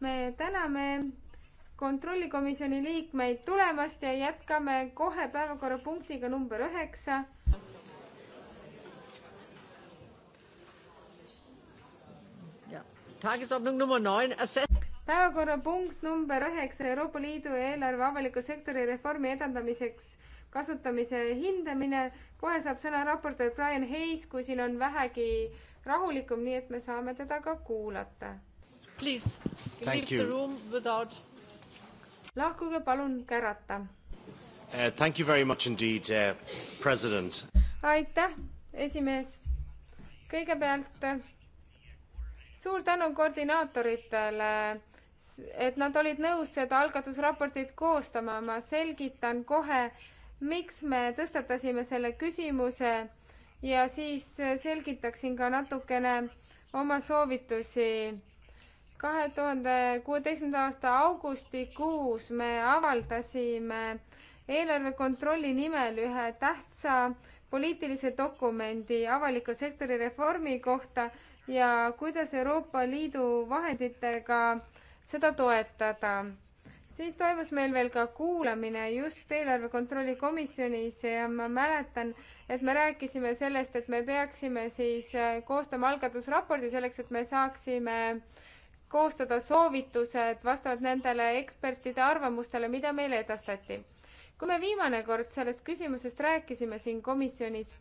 me täname kontrollikomisjoni liikmeid tulemast ja jätkame kohe päevakorrapunktiga number üheksa. päevakorrapunkt number üheksa Euroopa Liidu eelarve avaliku sektori reformi edendamiseks kasutamise hindamine. kohe saab sõna raportöör Brian Hayes, kui siin on vähegi äh, rahulikum, nii et me saame teda ka kuulata. Please, leave you. the room without. lahkuge palun kärata uh,. Thank you very much indeed uh,, president. aitäh, esimees. kõigepealt uh, suur tänu koordinaatoritele et nad olid nõus seda algatusraportit koostama, ma selgitan kohe, miks me tõstatasime selle küsimuse ja siis äh, selgitaksin ka natukene oma soovitusi. kahe tuhande kuueteistkümnenda aasta augustikuus me avaldasime eelarve kontrolli nimel ühe tähtsa poliitilise dokumendi avaliku sektori reformi kohta ja kuidas Euroopa Liidu vahenditega seda toetada siis toimus meil veel ka kuulamine just eelarve kontrolli komisjonis ja ma mäletan, et me rääkisime sellest, et me peaksime siis äh, koostama algatusraporti selleks, et me saaksime koostada soovitused vastavalt nendele ekspertide arvamustele, mida meile edastati. kui me viimane kord sellest küsimusest rääkisime siin komisjonis,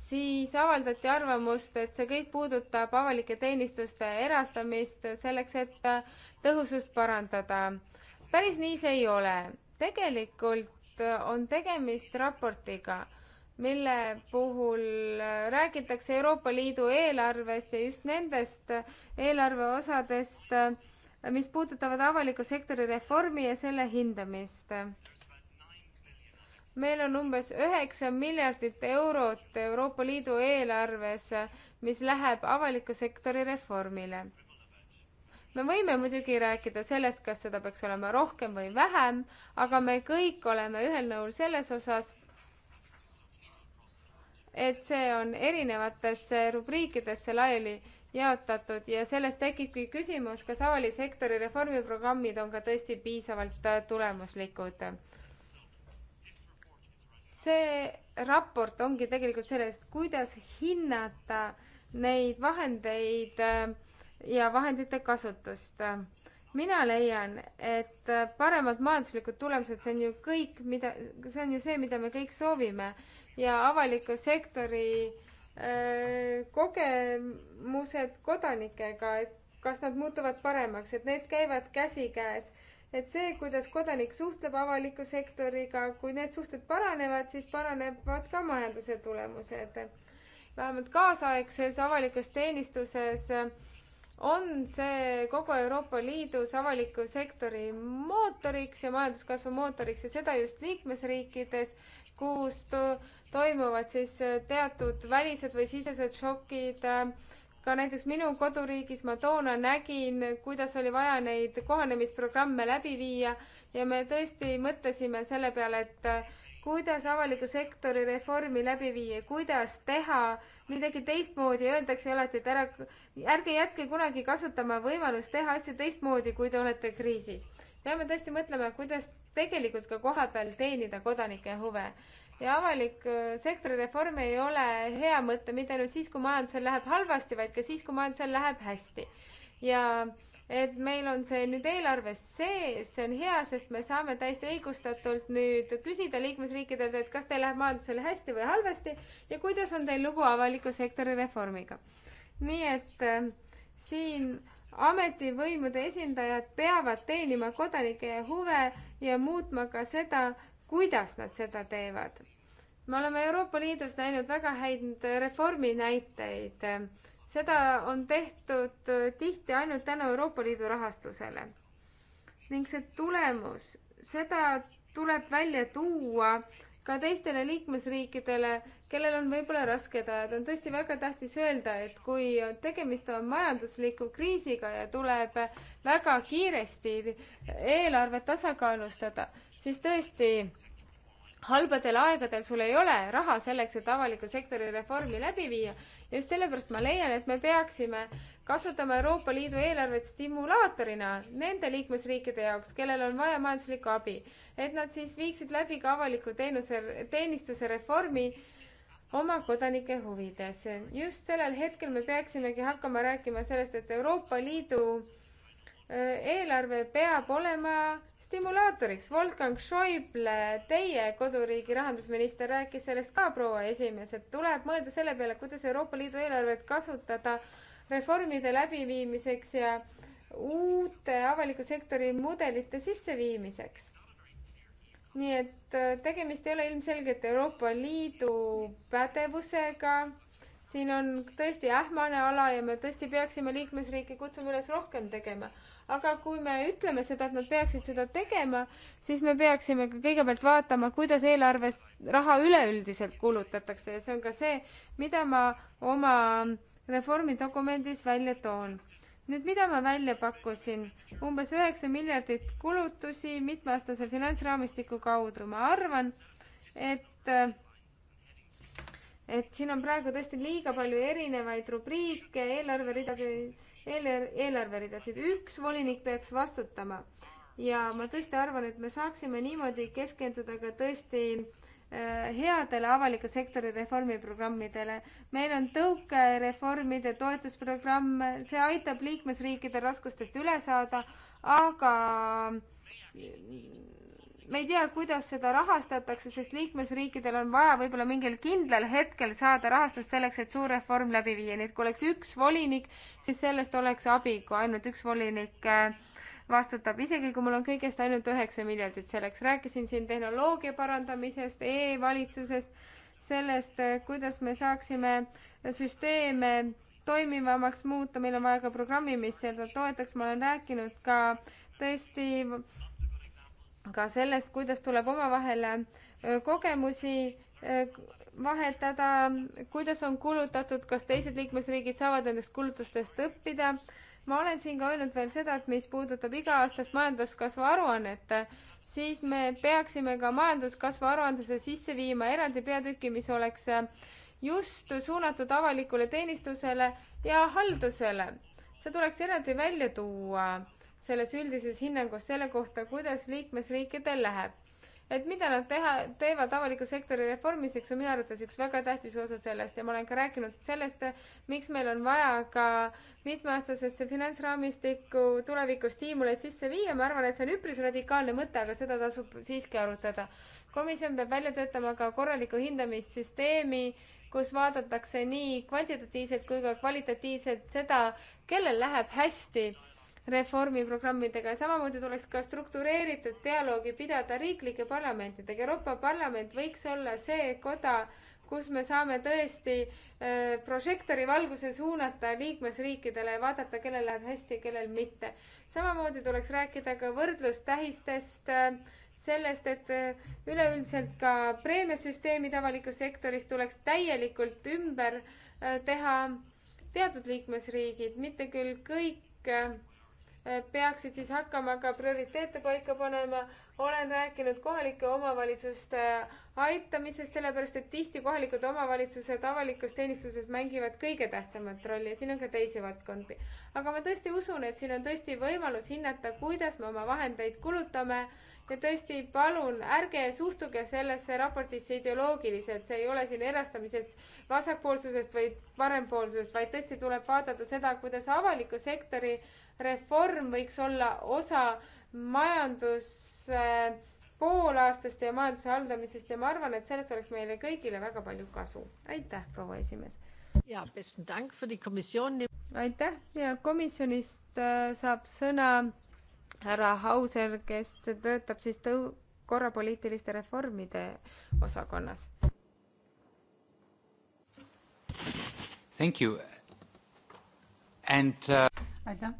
siis avaldati arvamust, et see kõik puudutab avalike teenistuste erastamist selleks, et äh, tõhusust parandada. päris nii see ei ole. tegelikult on tegemist raportiga, mille puhul räägitakse Euroopa Liidu eelarvest ja just nendest eelarveosadest, mis puudutavad avaliku sektori reformi ja selle hindamist meil on umbes üheksa miljardit eurot Euroopa Liidu eelarves, mis läheb avaliku sektori reformile me võime muidugi rääkida sellest, kas seda peaks olema rohkem või vähem, aga me kõik oleme ühel nõul selles osas, et see on erinevatesse rubriikidesse laiali jaotatud ja sellest tekibki küsimus, kas avaliku sektori reformiprogrammid on ka tõesti piisavalt äh, tulemuslikud. see raport ongi tegelikult sellest, kuidas hinnata neid vahendeid äh, ja vahendite kasutust. mina leian, et paremad majanduslikud tulemused, see on ju kõik, mida, see on ju see, mida me kõik soovime ja avaliku sektori öö, äh, kogemused kodanikega, et kas nad muutuvad paremaks, et need käivad käsikäes. et see, kuidas kodanik suhtleb avaliku sektoriga, kui need suhted paranevad, siis paranevad ka majanduse tulemused. vähemalt kaasaegses avalikus teenistuses äh, on see kogu Euroopa Liidus avaliku sektori mootoriks ja majanduskasvu mootoriks ja seda just liikmesriikides, kus to toimuvad siis äh, teatud välised või sisesed šokid. Äh, ka näiteks minu koduriigis ma toona nägin, kuidas oli vaja neid kohanemisprogramme läbi viia ja me tõesti mõtlesime selle peale, et äh, kuidas avaliku sektori reformi läbi viia, kuidas teha midagi teistmoodi, öeldakse alati, et ära, ärge jätke kunagi kasutama võimalust teha asju teistmoodi, kui te olete kriisis. peame tõesti mõtlema, kuidas tegelikult ka kohapeal teenida kodanike huve. ja avalik äh, sektori reform ei ole hea mõte mitte ainult siis, kui majandusel läheb halvasti, vaid ka siis, kui majandusel läheb hästi. ja äh, et meil on see nüüd eelarves sees, see on hea, sest me saame täiesti õigustatult nüüd küsida liikmesriikidelt, et kas teil läheb majandusel hästi või halvasti ja kuidas on teil lugu avaliku sektori reformiga. nii et äh, siin ametivõimude esindajad peavad teenima kodanike huve ja muutma ka seda, kuidas nad seda teevad. me oleme Euroopa Liidus näinud väga häid reformi näiteid äh, seda on tehtud äh, tihti ainult tänu Euroopa Liidu rahastusele. ning see tulemus, seda tuleb välja tuua ka teistele liikmesriikidele, kellel on võib-olla rasked ajad, on tõesti väga tähtis öelda, et kui tegemist on majandusliku kriisiga ja tuleb väga kiiresti eelarvet tasakaalustada, siis tõesti halbadel aegadel sul ei ole raha selleks, et avaliku sektori reformi läbi viia. just sellepärast ma leian, et me peaksime kasutama Euroopa Liidu eelarvet stimulaatorina nende liikmesriikide jaoks, kellel on vaja majanduslikku abi, et nad siis viiksid läbi ka avaliku teenuse, teenistuse reformi oma kodanike huvides. just sellel hetkel me peaksimegi hakkama rääkima sellest, et Euroopa Liidu äh, eelarve peab olema stimulaatoriks. Wolfgang Schäuble, teie koduriigi rahandusminister, rääkis sellest ka, proua esimees, et tuleb mõelda selle peale, kuidas Euroopa Liidu eelarvet kasutada reformide läbiviimiseks ja uute avaliku sektori mudelite sisseviimiseks. nii et äh, tegemist ei ole ilmselgelt Euroopa Liidu pädevusega siin on tõesti ähmane ala ja me tõesti peaksime liikmesriike kutsuma üles rohkem tegema aga kui me ütleme seda, et nad peaksid seda tegema, siis me peaksime ka kõigepealt vaatama, kuidas eelarves raha üleüldiselt kulutatakse ja see on ka see, mida ma oma reformidokumendis välja toon. nüüd, mida ma välja pakkusin? umbes üheksa miljardit kulutusi mitmeaastase finantsraamistiku kaudu, ma arvan, et et siin on praegu tõesti liiga palju erinevaid rubriike, eelarveridade eelar-, eelarveridasid. üks volinik peaks vastutama. ja ma tõesti arvan, et me saaksime niimoodi keskenduda ka tõesti äh, headele avaliku sektori reformiprogrammidele. meil on tõukereformide toetusprogramm, see aitab liikmesriikidel raskustest üle saada, aga me ei tea, kuidas seda rahastatakse, sest liikmesriikidel on vaja võib-olla mingil kindlal hetkel saada rahastust selleks, et suur reform läbi viia, nii et kui oleks üks volinik, siis sellest oleks abi, kui ainult üks volinik äh, vastutab, isegi kui mul on kõigest ainult üheksa miljardit selleks. rääkisin siin tehnoloogia parandamisest e, e-valitsusest, sellest, äh, kuidas me saaksime süsteeme toimivamaks muuta, meil on vaja ka programmi, mis seda toetaks, ma olen rääkinud ka tõesti ka sellest, kuidas tuleb omavahel äh, kogemusi äh, vahetada, kuidas on kulutatud, kas teised liikmesriigid saavad nendest kulutustest õppida. ma olen siin ka öelnud veel seda, et mis puudutab iga-aastast majanduskasvu aruannet, siis me peaksime ka majanduskasvu aruandluse sisse viima eraldi peatüki, mis oleks äh, just suunatud avalikule teenistusele ja haldusele. see tuleks eraldi välja tuua selles üldises hinnangus selle kohta, kuidas liikmesriikidel läheb. et mida nad teha, teevad avaliku sektori reformiseks, on minu arvates üks väga tähtis osa sellest ja ma olen ka rääkinud sellest, miks meil on vaja ka mitmeaastasesse finantsraamistikku tulevikus stiimuleid sisse viia, ma arvan, et see on üpris radikaalne mõte, aga seda tasub siiski arutada. komisjon peab välja töötama ka korraliku hindamissüsteemi, kus vaadatakse nii kvantitatiivselt kui ka kvalitatiivselt seda, kellel läheb hästi reformiprogrammidega ja samamoodi tuleks ka struktureeritud dialoogi pidada riiklike parlamentidega. Euroopa Parlament võiks olla see koda, kus me saame tõesti äh, prožektori valguse suunata liikmesriikidele ja vaadata, kellel läheb hästi ja kellel mitte. samamoodi tuleks rääkida ka võrdlustähistest, äh, sellest, et äh, üleüldiselt ka preemiasüsteemid avalikus sektoris tuleks täielikult ümber teha teatud liikmesriigid, mitte küll kõik Eh, peaksid siis hakkama ka prioriteete paika panema. olen rääkinud kohalike omavalitsuste aitamisest, sellepärast et tihti kohalikud omavalitsused avalikus teenistuses mängivad kõige tähtsamat rolli ja siin on ka teisi valdkondi. aga ma tõesti usun, et siin on tõesti võimalus hinnata, kuidas me oma vahendeid kulutame ja tõesti palun ärge suhtuge sellesse raportisse ideoloogiliselt, see ei ole siin erastamisest, vasakpoolsusest või parempoolsusest, vaid tõesti tuleb vaadata seda, kuidas avaliku sektori reform võiks olla osa majanduse poolaastast ja majanduse haldamisest ja ma arvan, et sellest oleks meile kõigile väga palju kasu. aitäh, proua esimees! ja, besten dank für die komisjoni! aitäh ja komisjonist äh, saab sõna härra Hauser, kes töötab siis tõu-, korrapoliitiliste reformide osakonnas. Thank you and uh.... aitäh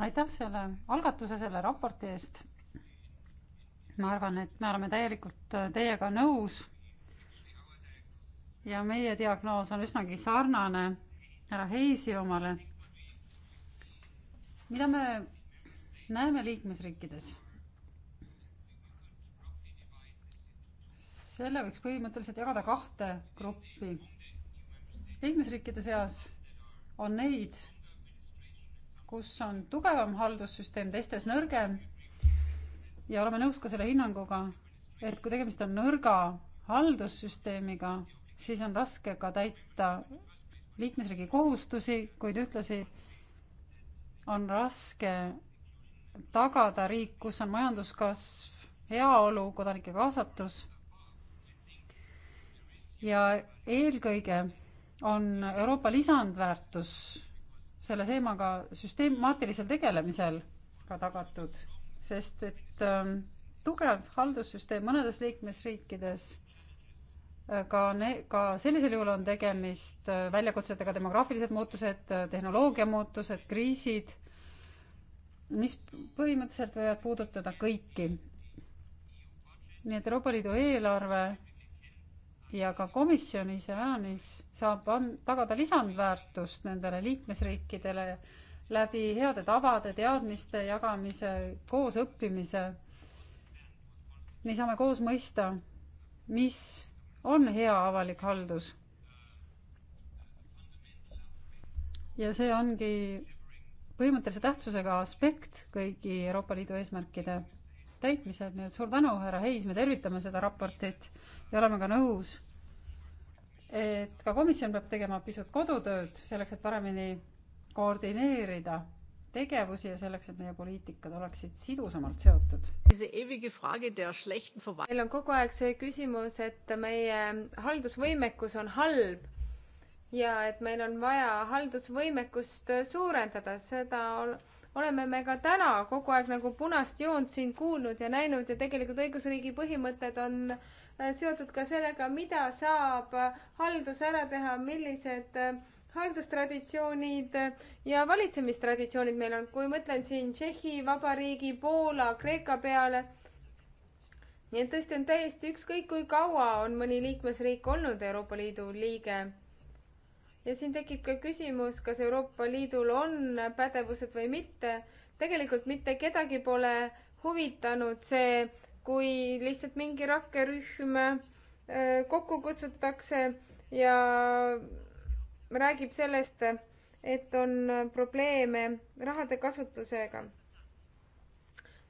aitäh selle algatuse, selle raporti eest. ma arvan, et me oleme täielikult äh, teiega nõus. ja meie diagnoos on üsnagi sarnane härra Heisi omale. mida me näeme liikmesriikides? selle võiks põhimõtteliselt jagada kahte gruppi. liikmesriikide seas on neid kus on tugevam haldussüsteem, teistes nõrgem. ja oleme nõus ka selle hinnanguga, et kui tegemist on nõrga haldussüsteemiga, siis on raske ka täita liikmesriigi kohustusi, kuid ühtlasi on raske tagada riik, kus on majanduskasv, heaolu, kodanike kaasatus. ja eelkõige on Euroopa lisandväärtus selle teemaga süsteemaatilisel tegelemisel ka tagatud, sest et äh, tugev haldussüsteem mõnedes liikmesriikides äh, ka ne-, ka sellisel juhul on tegemist äh, väljakutsetega demograafilised muutused, äh, tehnoloogia muutused, kriisid, mis põhimõtteliselt võivad puudutada kõiki. nii et Euroopa Liidu eelarve ja ka komisjon iseäranis saab an-, tagada lisandväärtust nendele liikmesriikidele läbi heade tavade, teadmiste jagamise, koos õppimise. nii saame koos mõista, mis on hea avalik haldus. ja see ongi põhimõttelise tähtsusega aspekt kõigi Euroopa Liidu eesmärkide täitmisel, nii et suur tänu, härra Heis, me tervitame seda raportit ja oleme ka nõus, et ka komisjon peab tegema pisut kodutööd selleks, et paremini koordineerida tegevusi ja selleks, et meie poliitikad oleksid sidusamalt seotud. meil on kogu aeg see küsimus, et meie haldusvõimekus on halb ja et meil on vaja haldusvõimekust suurendada, seda oleme me ka täna kogu aeg nagu punast joont siin kuulnud ja näinud ja tegelikult õigusriigi põhimõtted on äh, Äh, seotud ka sellega, mida saab haldus ära teha, millised äh, haldustraditsioonid äh, ja valitsemistraditsioonid meil on, kui mõtlen siin Tšehhi Vabariigi, Poola, Kreeka peale. nii et tõesti on täiesti ükskõik, kui kaua on mõni liikmesriik olnud Euroopa Liidu liige. ja siin tekib ka küsimus, kas Euroopa Liidul on pädevused või mitte. tegelikult mitte kedagi pole huvitanud see kui lihtsalt mingi rakkerühm äh, kokku kutsutakse ja räägib sellest, et on probleeme rahade kasutusega.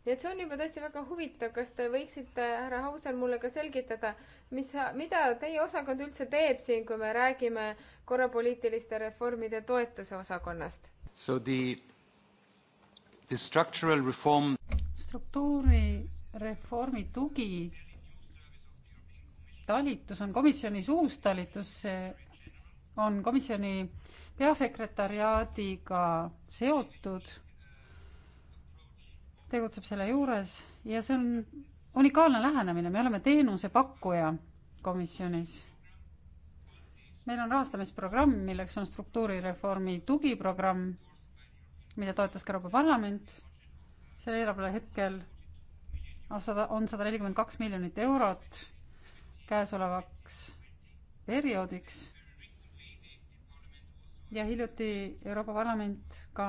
nii et see on juba tõesti väga huvitav, kas te võiksite, härra Hausel, mulle ka selgitada, mis, mida teie osakond üldse teeb siin, kui me räägime korrapoliitiliste reformide toetuse osakonnast? So the, the structural reform struktuuri reformi tugi talitus on komisjonis uus talitus, see on komisjoni peasekretäriaadiga seotud, tegutseb selle juures ja see on unikaalne lähenemine, me oleme teenusepakkuja komisjonis. meil on rahastamisprogramm, milleks on struktuurireformi tugiprogramm, mida toetas ka Euroopa Parlament, selle eelarve hetkel sada, on sada nelikümmend kaks miljonit eurot käesolevaks perioodiks. ja hiljuti Euroopa Parlament ka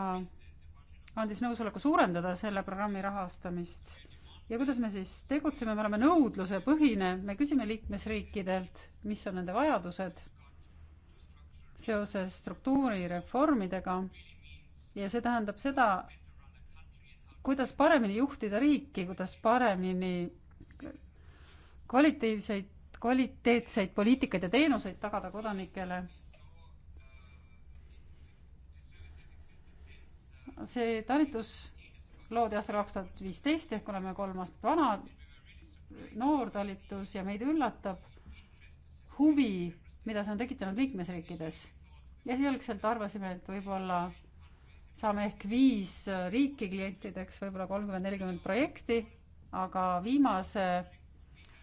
andis nõusoleku suurendada selle programmi rahastamist. ja kuidas me siis tegutseme, me oleme nõudlusepõhine, me küsime liikmesriikidelt, mis on nende vajadused seoses struktuurireformidega ja see tähendab seda, kuidas paremini juhtida riiki, kuidas paremini kvalitiivseid, kvaliteetseid poliitikaid ja teenuseid tagada kodanikele. see talitus loodi aastal kaks tuhat viisteist ehk oleme kolm aastat vana, noor talitus ja meid üllatab huvi, mida see on tekitanud liikmesriikides. esialgselt arvasime, et võib-olla saame ehk viis äh, riiki klientideks, võib-olla kolmkümmend, nelikümmend projekti, aga viimase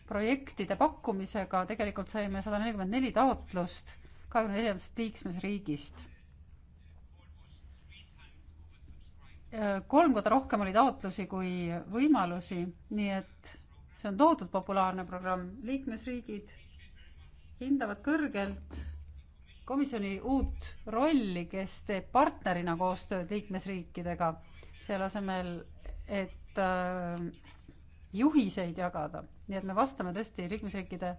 projektide pakkumisega tegelikult saime sada nelikümmend neli taotlust kahekümne neljandast liikmesriigist. Äh, kolm korda rohkem oli taotlusi kui võimalusi, nii et see on tohutult populaarne programm, liikmesriigid hindavad kõrgelt komisjoni uut rolli, kes teeb partnerina koostööd liikmesriikidega, selle asemel, et äh, juhiseid jagada, nii et me vastame tõesti liikmesriikide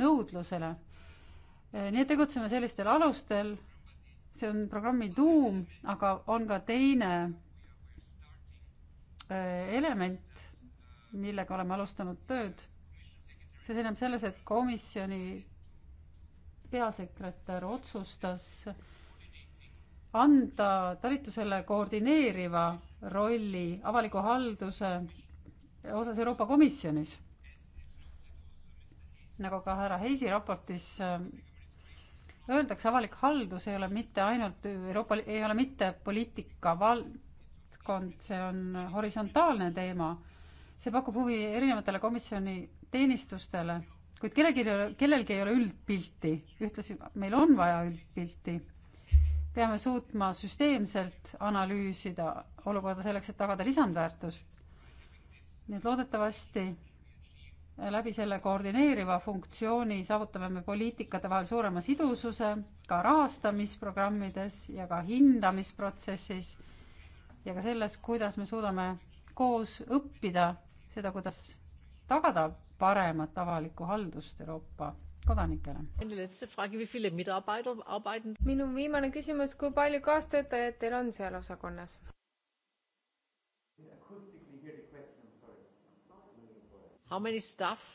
nõudlusele. Äh, nii et tegutseme sellistel alustel, see on programmi tuum, aga on ka teine äh, element, millega oleme alustanud tööd. see seisneb selles, et komisjoni peasekretär otsustas anda talitusele koordineeriva rolli avaliku halduse osas Euroopa Komisjonis. nagu ka härra Heisi raportis äh, öeldakse, avalik haldus ei ole mitte ainult Euroopa, ei ole mitte poliitika valdkond, see on horisontaalne teema. see pakub huvi erinevatele komisjoni teenistustele kuid kellelgi, kellelgi ei ole üldpilti, ühtlasi meil on vaja üldpilti. peame suutma süsteemselt analüüsida olukorda selleks, et tagada lisandväärtust. nii et loodetavasti läbi selle koordineeriva funktsiooni saavutame me poliitikate vahel suurema sidususe ka rahastamisprogrammides ja ka hindamisprotsessis ja ka selles, kuidas me suudame koos õppida seda, kuidas tagada paremat avalikku haldust Euroopa kodanikele. minu viimane küsimus, kui palju kaastöötajaid teil on seal osakonnas? How many staff?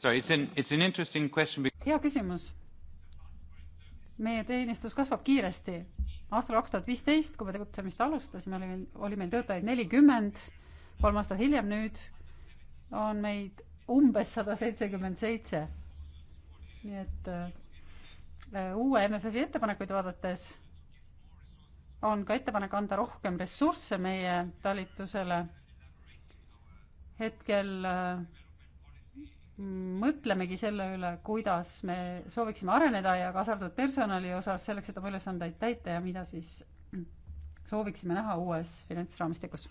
Sorry, it's an, it's an interesting question. hea küsimus. meie teenistus kasvab kiiresti aastal kaks tuhat viisteist, kui me tegutsemist alustasime, oli meil, oli meil töötajaid nelikümmend, kolm aastat hiljem nüüd on meid umbes sada seitsekümmend seitse. nii et äh, uue MFF-i ettepanekuid vaadates on ka ettepanek anda rohkem ressursse meie talitusele. hetkel äh, mõtlemegi selle üle, kuidas me sooviksime areneda ja kaasa arvatud personali osas selleks, et oma ülesandeid täita ja mida siis sooviksime näha uues finantsraamistikus.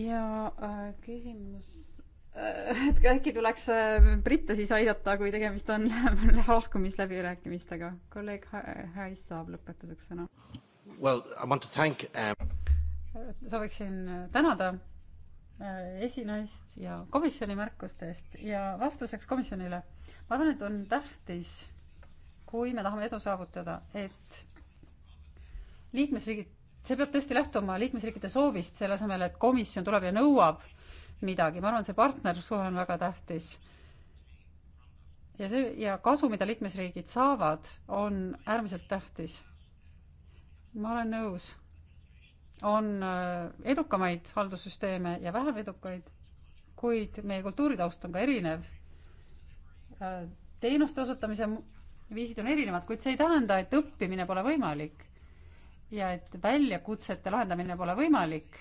ja äh, küsimus äh,, et äkki tuleks äh, britte siis aidata, kui tegemist on lahkumisläbirääkimistega. kolleeg Hais saab lõpetuseks sõna. Well, I want to thank um... sooviksin tänada Äh, esinaist ja komisjoni märkuste eest ja vastuseks komisjonile. ma arvan, et on tähtis, kui me tahame edu saavutada, et liikmesriigid, see peab tõesti lähtuma liikmesriikide soovist, selle asemel, et komisjon tuleb ja nõuab midagi, ma arvan, see partnerlussuhe on väga tähtis. ja see ja kasu, mida liikmesriigid saavad, on äärmiselt tähtis. ma olen nõus on äh, edukamaid haldussüsteeme ja vähem edukaid, kuid meie kultuuritaust on ka erinev. Äh, teenuste osutamise viisid on erinevad, kuid see ei tähenda, et õppimine pole võimalik ja et väljakutsete lahendamine pole võimalik.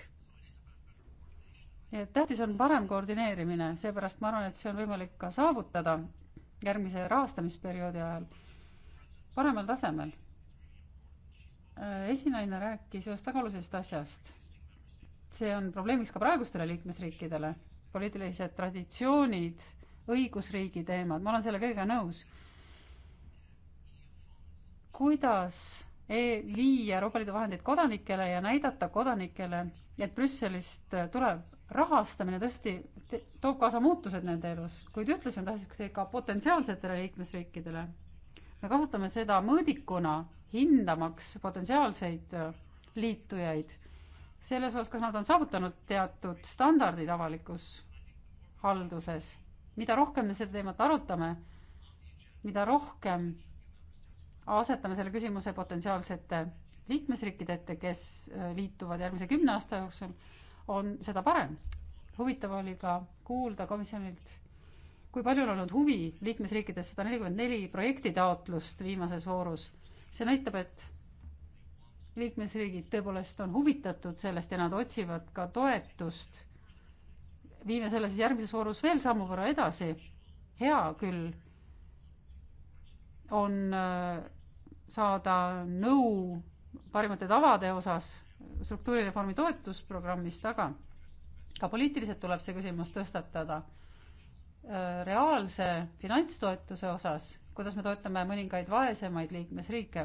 nii et tähtis on parem koordineerimine, seepärast ma arvan, et see on võimalik ka saavutada järgmise rahastamisperioodi ajal paremal tasemel Äh, esinaine rääkis ühest väga olulisest asjast. see on probleemiks ka praegustele liikmesriikidele, poliitilised traditsioonid, õigusriigi teemad, ma olen selle kõigega nõus. kuidas e viia Euroopa Liidu vahendeid kodanikele ja näidata kodanikele, et Brüsselist tuleb rahastamine tõesti toob kaasa muutused nende elus, kuid ühtlasi on tähtis ka potentsiaalsetele liikmesriikidele. me kasutame seda mõõdikuna hindamaks potentsiaalseid äh, liitujaid selles osas, kas nad on saavutanud teatud standardid avalikus halduses. mida rohkem me seda teemat arutame, mida rohkem asetame selle küsimuse potentsiaalsete liikmesriikide ette, kes äh, liituvad järgmise kümne aasta jooksul, on seda parem. huvitav oli ka kuulda komisjonilt, kui palju on olnud huvi liikmesriikides, sada nelikümmend neli projektitaotlust viimases voorus see näitab, et liikmesriigid tõepoolest on huvitatud sellest ja nad otsivad ka toetust. viime selle siis järgmises voorus veel sammu võrra edasi. hea küll on äh, saada nõu parimate tavade osas struktuurireformi toetusprogrammist, aga ka poliitiliselt tuleb see küsimus tõstatada. Äh, reaalse finantstoetuse osas kuidas me toetame mõningaid vaesemaid liikmesriike,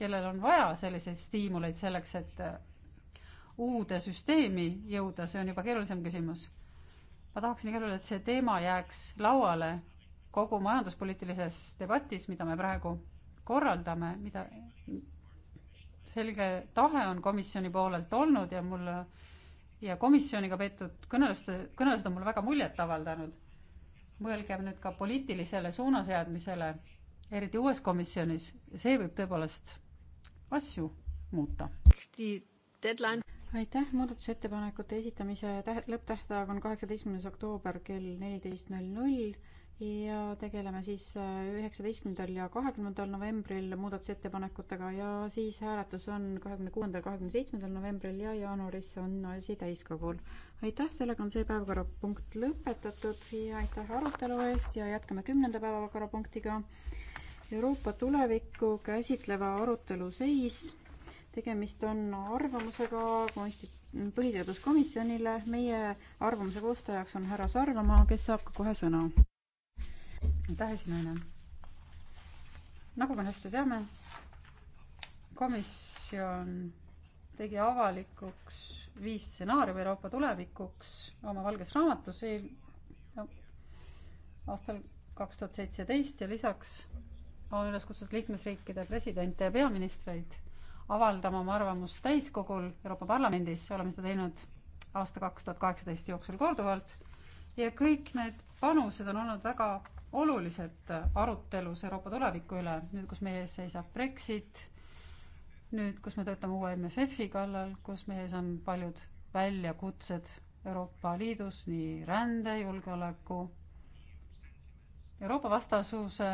kellel on vaja selliseid stiimuleid selleks, et äh, uude süsteemi jõuda, see on juba keerulisem küsimus. ma tahaksin igal juhul, et see teema jääks lauale kogu majanduspoliitilises debatis, mida me praegu korraldame, mida selge tahe on komisjoni poolelt olnud ja mul ja komisjoniga peetud kõnelused, kõnelused on mulle väga muljet avaldanud mõelgem nüüd ka poliitilisele suunaseadmisele, eriti uues komisjonis, see võib tõepoolest asju muuta. aitäh, muudatusettepanekute esitamise täht-, lõpptähtaeg on kaheksateistkümnes oktoober kell neliteist null null ja tegeleme siis äh, üheksateistkümnendal ja kahekümnendal novembril muudatusettepanekutega ja siis hääletus on kahekümne kuuendal, kahekümne seitsmendal novembril ja jaanuaris on asi täiskogul aitäh, sellega on see päevakorrapunkt lõpetatud ja aitäh arutelu eest ja jätkame kümnenda päevakorrapunktiga. Euroopa tulevikku käsitleva arutelu seis. tegemist on arvamusega konstit-, põhiseaduskomisjonile. meie arvamuse koostajaks on härra Sarvamaa, kes saab ka kohe sõna. aitäh, esinaine. nagu me hästi teame, komisjon tegi avalikuks viis stsenaariumi Euroopa tulevikuks oma valges raamatus eel, no, aastal kaks tuhat seitseteist ja lisaks on üles kutsutud liikmesriikide presidente ja peaministreid avaldama oma arvamust täiskogul Euroopa Parlamendis, oleme seda teinud aasta kaks tuhat kaheksateist jooksul korduvalt ja kõik need panused on olnud väga olulised arutelus Euroopa tuleviku üle, nüüd kus meie ees seisab Brexit nüüd, kus me töötame uue MFF-i kallal, kus meie ees on paljud väljakutsed Euroopa Liidus, nii rände, julgeoleku, Euroopa vastasuse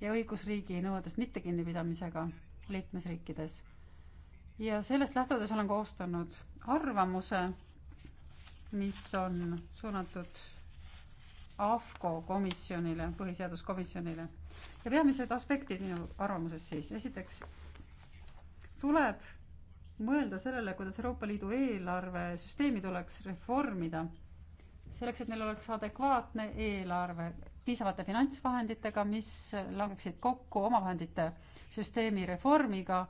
ja õigusriigi nõuetest mittekinnipidamisega liikmesriikides. ja sellest lähtudes olen koostanud arvamuse, mis on suunatud AFCO komisjonile, põhiseaduskomisjonile ja peamised aspektid minu arvamuses siis, esiteks tuleb mõelda sellele, kuidas Euroopa Liidu eelarvesüsteemi tuleks reformida, selleks, et neil oleks adekvaatne eelarve piisavate finantsvahenditega, mis langeksid kokku omavahendite süsteemi reformiga.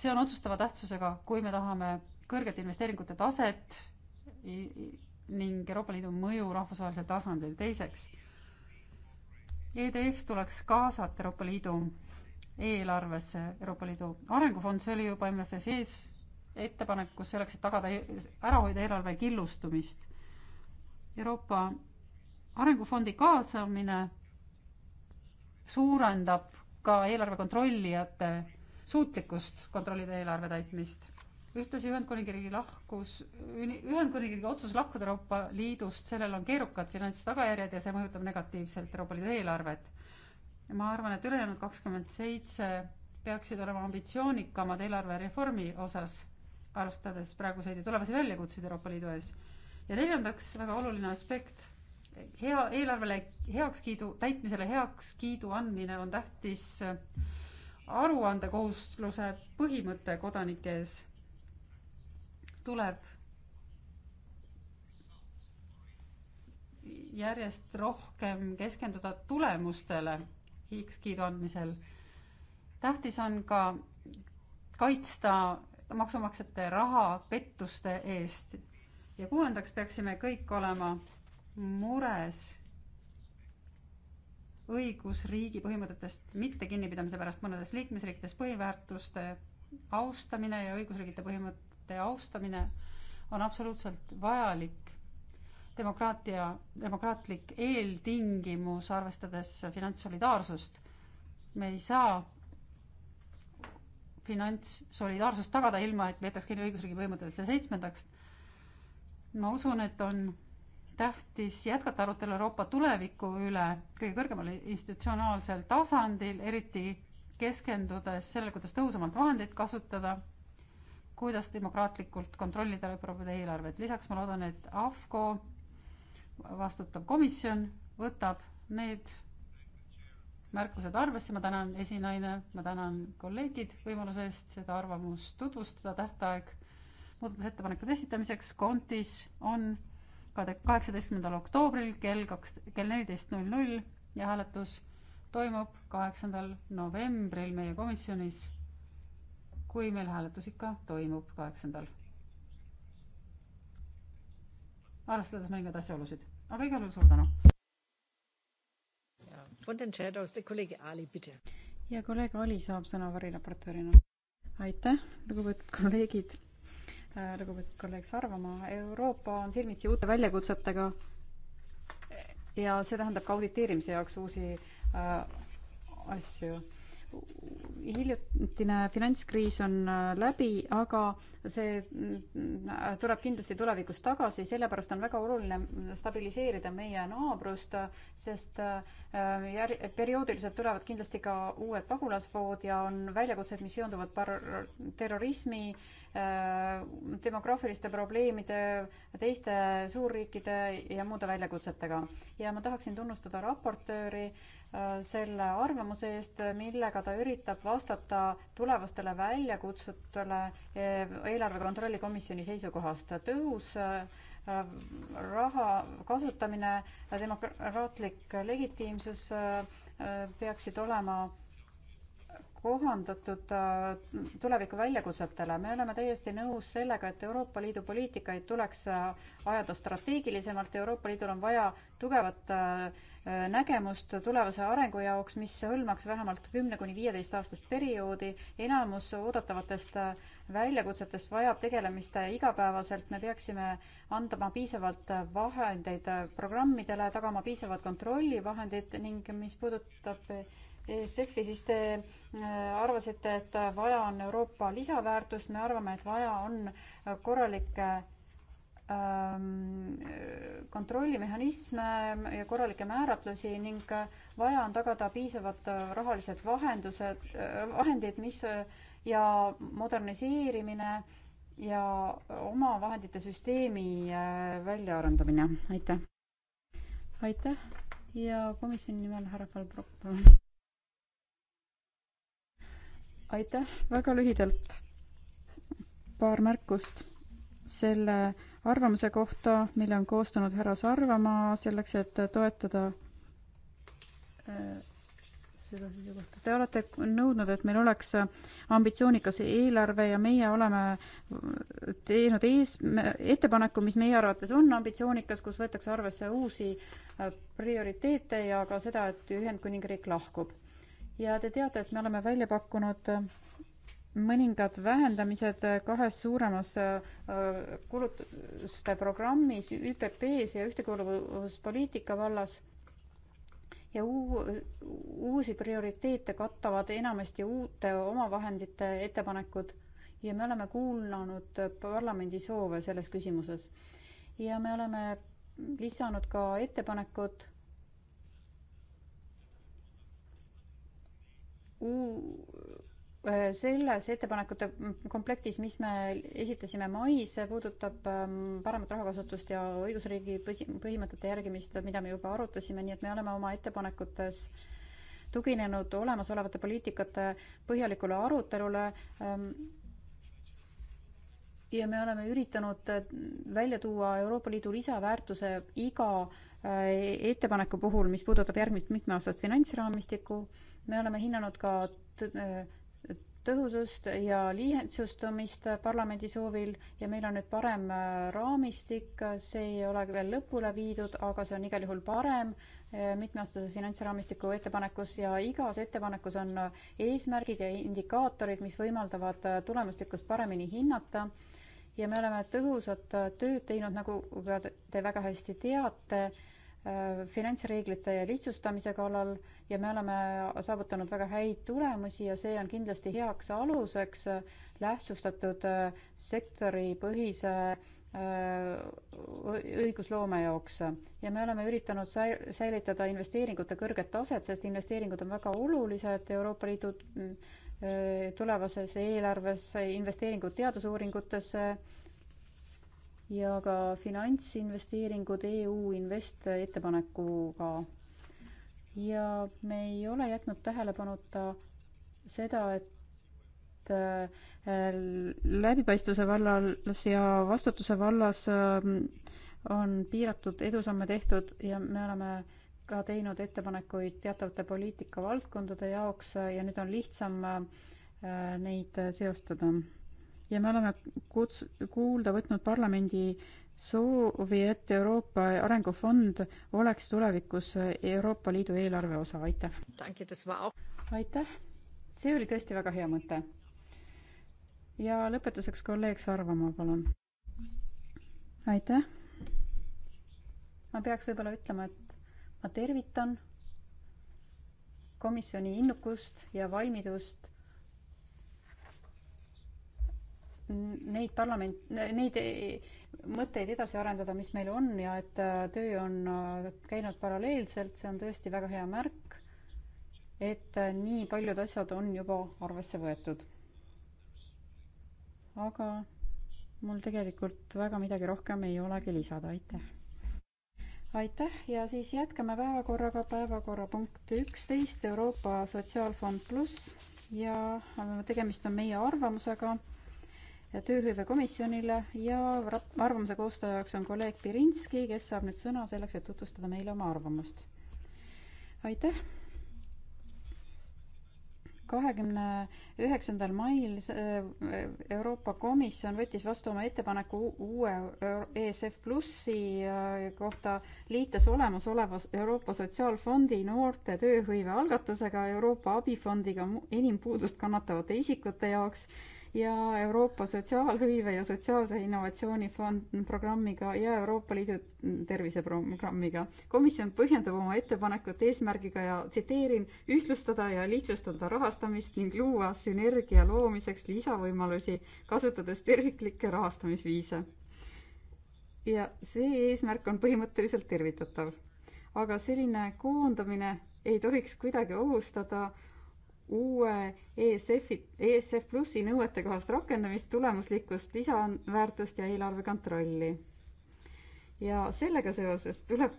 see on otsustava tähtsusega, kui me tahame kõrget investeeringute taset ning Euroopa Liidu mõju rahvusvahelisel tasandil. teiseks, EDF tuleks kaasata Euroopa Liidu eelarvesse Euroopa Liidu Arengufond, see oli juba MFF-i ees ettepanekus selleks, et tagada, e-, ära hoida eelarve killustumist. Euroopa Arengufondi kaasamine suurendab ka eelarve kontrollijate suutlikkust kontrollida eelarve täitmist. ühtlasi Ühendkuningriigi lahkus, Ühendkuningriigi otsus lahkuda Euroopa Liidust, sellel on keerukad finantstagajärjed ja see mõjutab negatiivselt Euroopa Liidu eelarvet ma arvan, et ülejäänud kakskümmend seitse peaksid olema ambitsioonikamad eelarvereformi osas, arvestades praeguseid ja tulevasi väljakutseid Euroopa Liidu ees. ja neljandaks, väga oluline aspekt, hea, eelarvele heakskiidu, täitmisele heakskiidu andmine on tähtis aruandekohusluse põhimõte kodanike ees. tuleb järjest rohkem keskenduda tulemustele heakskiidu andmisel. tähtis on ka kaitsta maksumaksjate raha pettuste eest. ja kuuendaks peaksime kõik olema mures õigusriigi põhimõtetest mitte kinnipidamise pärast mõnedes liikmesriikides põhiväärtuste austamine ja õigusriigide põhimõtte austamine on absoluutselt vajalik demokraatia, demokraatlik eeltingimus, arvestades finantssolidaarsust. me ei saa finantssolidaarsust tagada, ilma et peetaks kinni õigusriigi põhimõtetest ja seitsmendaks, ma usun, et on tähtis jätkata arutelu Euroopa tuleviku üle kõige kõrgemal institutsionaalsel tasandil, eriti keskendudes sellele, kuidas tõhusamalt vahendeid kasutada, kuidas demokraatlikult kontrollida lõppenud eelarvet. lisaks ma loodan, et AFCO vastutav komisjon võtab need märkused arvesse, ma tänan esinaine, ma tänan kolleegid võimaluse eest seda arvamust tutvustada, tähtaeg muudatusettepanekute esitamiseks kontis on kaheksateistkümnendal oktoobril kell kaks, kell neliteist null null ja hääletus toimub kaheksandal novembril meie komisjonis, kui meil hääletus ikka toimub kaheksandal. arvestades mõningaid asjaolusid aga igal juhul suur tänu. ja kolleeg Ali saab sõna variraportöörina. aitäh, lugupeetud kolleegid, äh, lugupeetud kolleeg Sarvamaa, Euroopa on silmitsi uute väljakutsetega ja see tähendab ka auditeerimise jaoks uusi äh, asju hiljutine finantskriis on äh, läbi, aga see mm, tuleb kindlasti tulevikus tagasi, sellepärast on väga oluline stabiliseerida meie naabrust, sest äh, jär-, perioodiliselt tulevad kindlasti ka uued pagulasvood ja on väljakutsed, mis seonduvad par-, terrorismi, Äh, demograafiliste probleemide, teiste suurriikide ja muude väljakutsetega. ja ma tahaksin tunnustada raportööri äh, selle arvamuse eest, millega ta üritab vastata tulevastele väljakutsetele äh, eelarve kontrolli komisjoni seisukohast. tõhus raha kasutamine, demokraatlik legitiimsus peaksid olema kohandatud äh, tuleviku väljakutsetele. me oleme täiesti nõus sellega, et Euroopa Liidu poliitikaid tuleks äh, ajada strateegilisemalt. Euroopa Liidul on vaja tugevat äh, nägemust tulevase arengu jaoks, mis hõlmaks vähemalt kümne kuni viieteist aastast perioodi. enamus oodatavatest väljakutsetest vajab tegelemist igapäevaselt. me peaksime andma piisavalt vahendeid programmidele, tagama piisavad kontrollivahendid ning mis puudutab ESF-i, siis te äh, arvasite, et vaja on Euroopa lisaväärtust, me arvame, et vaja on korralikke äh, ähm, kontrollimehhanisme ja korralikke määratlusi ning äh, vaja on tagada piisavad rahalised vahendused, vahendid, mis ja moderniseerimine ja omavahendite süsteemi väljaarendamine. aitäh! aitäh ja komisjoni nimel härra Kalbrok, palun aitäh, väga lühidalt paar märkust selle arvamuse kohta, mille on koostanud härra Sarvamaa selleks, et toetada äh, seda seisukohta. Te olete nõudnud, et meil oleks ambitsioonikas eelarve ja meie oleme teinud ees, ettepaneku, mis meie arvates on ambitsioonikas, kus võetakse arvesse uusi äh, prioriteete ja ka seda, et Ühendkuningriik lahkub ja te teate, et me oleme välja pakkunud mõningad vähendamised kahes suuremas äh, kulutuste programmis ÜPP-s ja ühtekuuluvuspoliitika vallas ja uu-, uusi prioriteete kattavad enamasti uute omavahendite ettepanekud ja me oleme kuulanud parlamendi soove selles küsimuses. ja me oleme lisanud ka ettepanekud Äh, selles ettepanekute komplektis, mis me esitasime mais, puudutab ähm, paremat rahakasutust ja õigusriigi põhimõtete järgimist, mida me juba arutasime, nii et me oleme oma ettepanekutes tuginenud olemasolevate poliitikate põhjalikule arutelule. Ähm, ja me oleme üritanud äh, välja tuua Euroopa Liidu lisaväärtuse iga äh, ettepaneku puhul, mis puudutab järgmist mitmeaastast finantsraamistikku me oleme hinnanud ka äh, tõhusust ja lihtsustumist parlamendi soovil ja meil on nüüd parem äh, raamistik, see ei ole veel lõpule viidud, aga see on igal juhul parem äh, mitmeaastase finantsraamistiku ettepanekus ja igas ettepanekus on eesmärgid ja indikaatorid, mis võimaldavad tulemuslikkust paremini hinnata. ja me oleme tõhusat tööd teinud, nagu te väga hästi teate Äh, finantsreeglite lihtsustamise kallal ja me oleme saavutanud väga häid tulemusi ja see on kindlasti heaks aluseks äh, lähtsustatud äh, sektoripõhise õigusloome jaoks ja me oleme üritanud säilitada investeeringute kõrget taset, sest investeeringud on väga olulised Euroopa Liidu mm, tulevases eelarves, investeeringud teadusuuringutesse ja ka finantsinvesteeringud EU Invest ettepanekuga. ja me ei ole jätnud tähelepanuta seda, et äh, läbipaistvuse vallas ja vastutuse vallas äh, on piiratud edusamme tehtud ja me oleme ka teinud ettepanekuid teatavate poliitikavaldkondade jaoks ja nüüd on lihtsam äh, neid seostada ja me oleme kuts-, kuulda võtnud parlamendi soovi, et Euroopa Arengufond oleks tulevikus Euroopa Liidu eelarve osa, aitäh! aitäh! see oli tõesti väga hea mõte. ja lõpetuseks kolleeg Sarvamaa, palun. aitäh! ma peaks võib-olla ütlema, et ma tervitan komisjoni innukust ja valmidust neid parlament, neid e-, mõtteid edasi arendada, mis meil on ja et äh, töö on äh, käinud paralleelselt, see on tõesti väga hea märk, et äh, nii paljud asjad on juba arvesse võetud. aga mul tegelikult väga midagi rohkem ei olegi lisada, aitäh! aitäh ja siis jätkame päevakorraga, päevakorrapunkt üksteist, Euroopa Sotsiaalfond pluss ja tegemist on meie arvamusega tööhõivekomisjonile ja arvamuse koostajaks on kolleeg Pirinski, kes saab nüüd sõna selleks, et tutvustada meile oma arvamust. aitäh! kahekümne üheksandal mail äh, Euroopa Komisjon võttis vastu oma ettepaneku uue ESF e Plussi äh, kohta, liites olemasoleva Euroopa Sotsiaalfondi noorte tööhõive algatusega Euroopa abifondiga enim puudust kannatavate isikute jaoks ja Euroopa Sotsiaalhõive ja Sotsiaalse Innovatsiooni Fond programmiga ja Euroopa Liidu terviseprogrammiga. komisjon põhjendab oma ettepanekut eesmärgiga ja tsiteerin, ühtlustada ja lihtsustada rahastamist ning luua sünergia loomiseks lisavõimalusi, kasutades terviklikke rahastamisviise. ja see eesmärk on põhimõtteliselt tervitatav. aga selline koondamine ei tohiks kuidagi ohustada äh, uue ESF-i, ESF Plussi nõuetekohast rakendamist, tulemuslikkust, lisaväärtust ja eelarve kontrolli. ja sellega seoses tuleb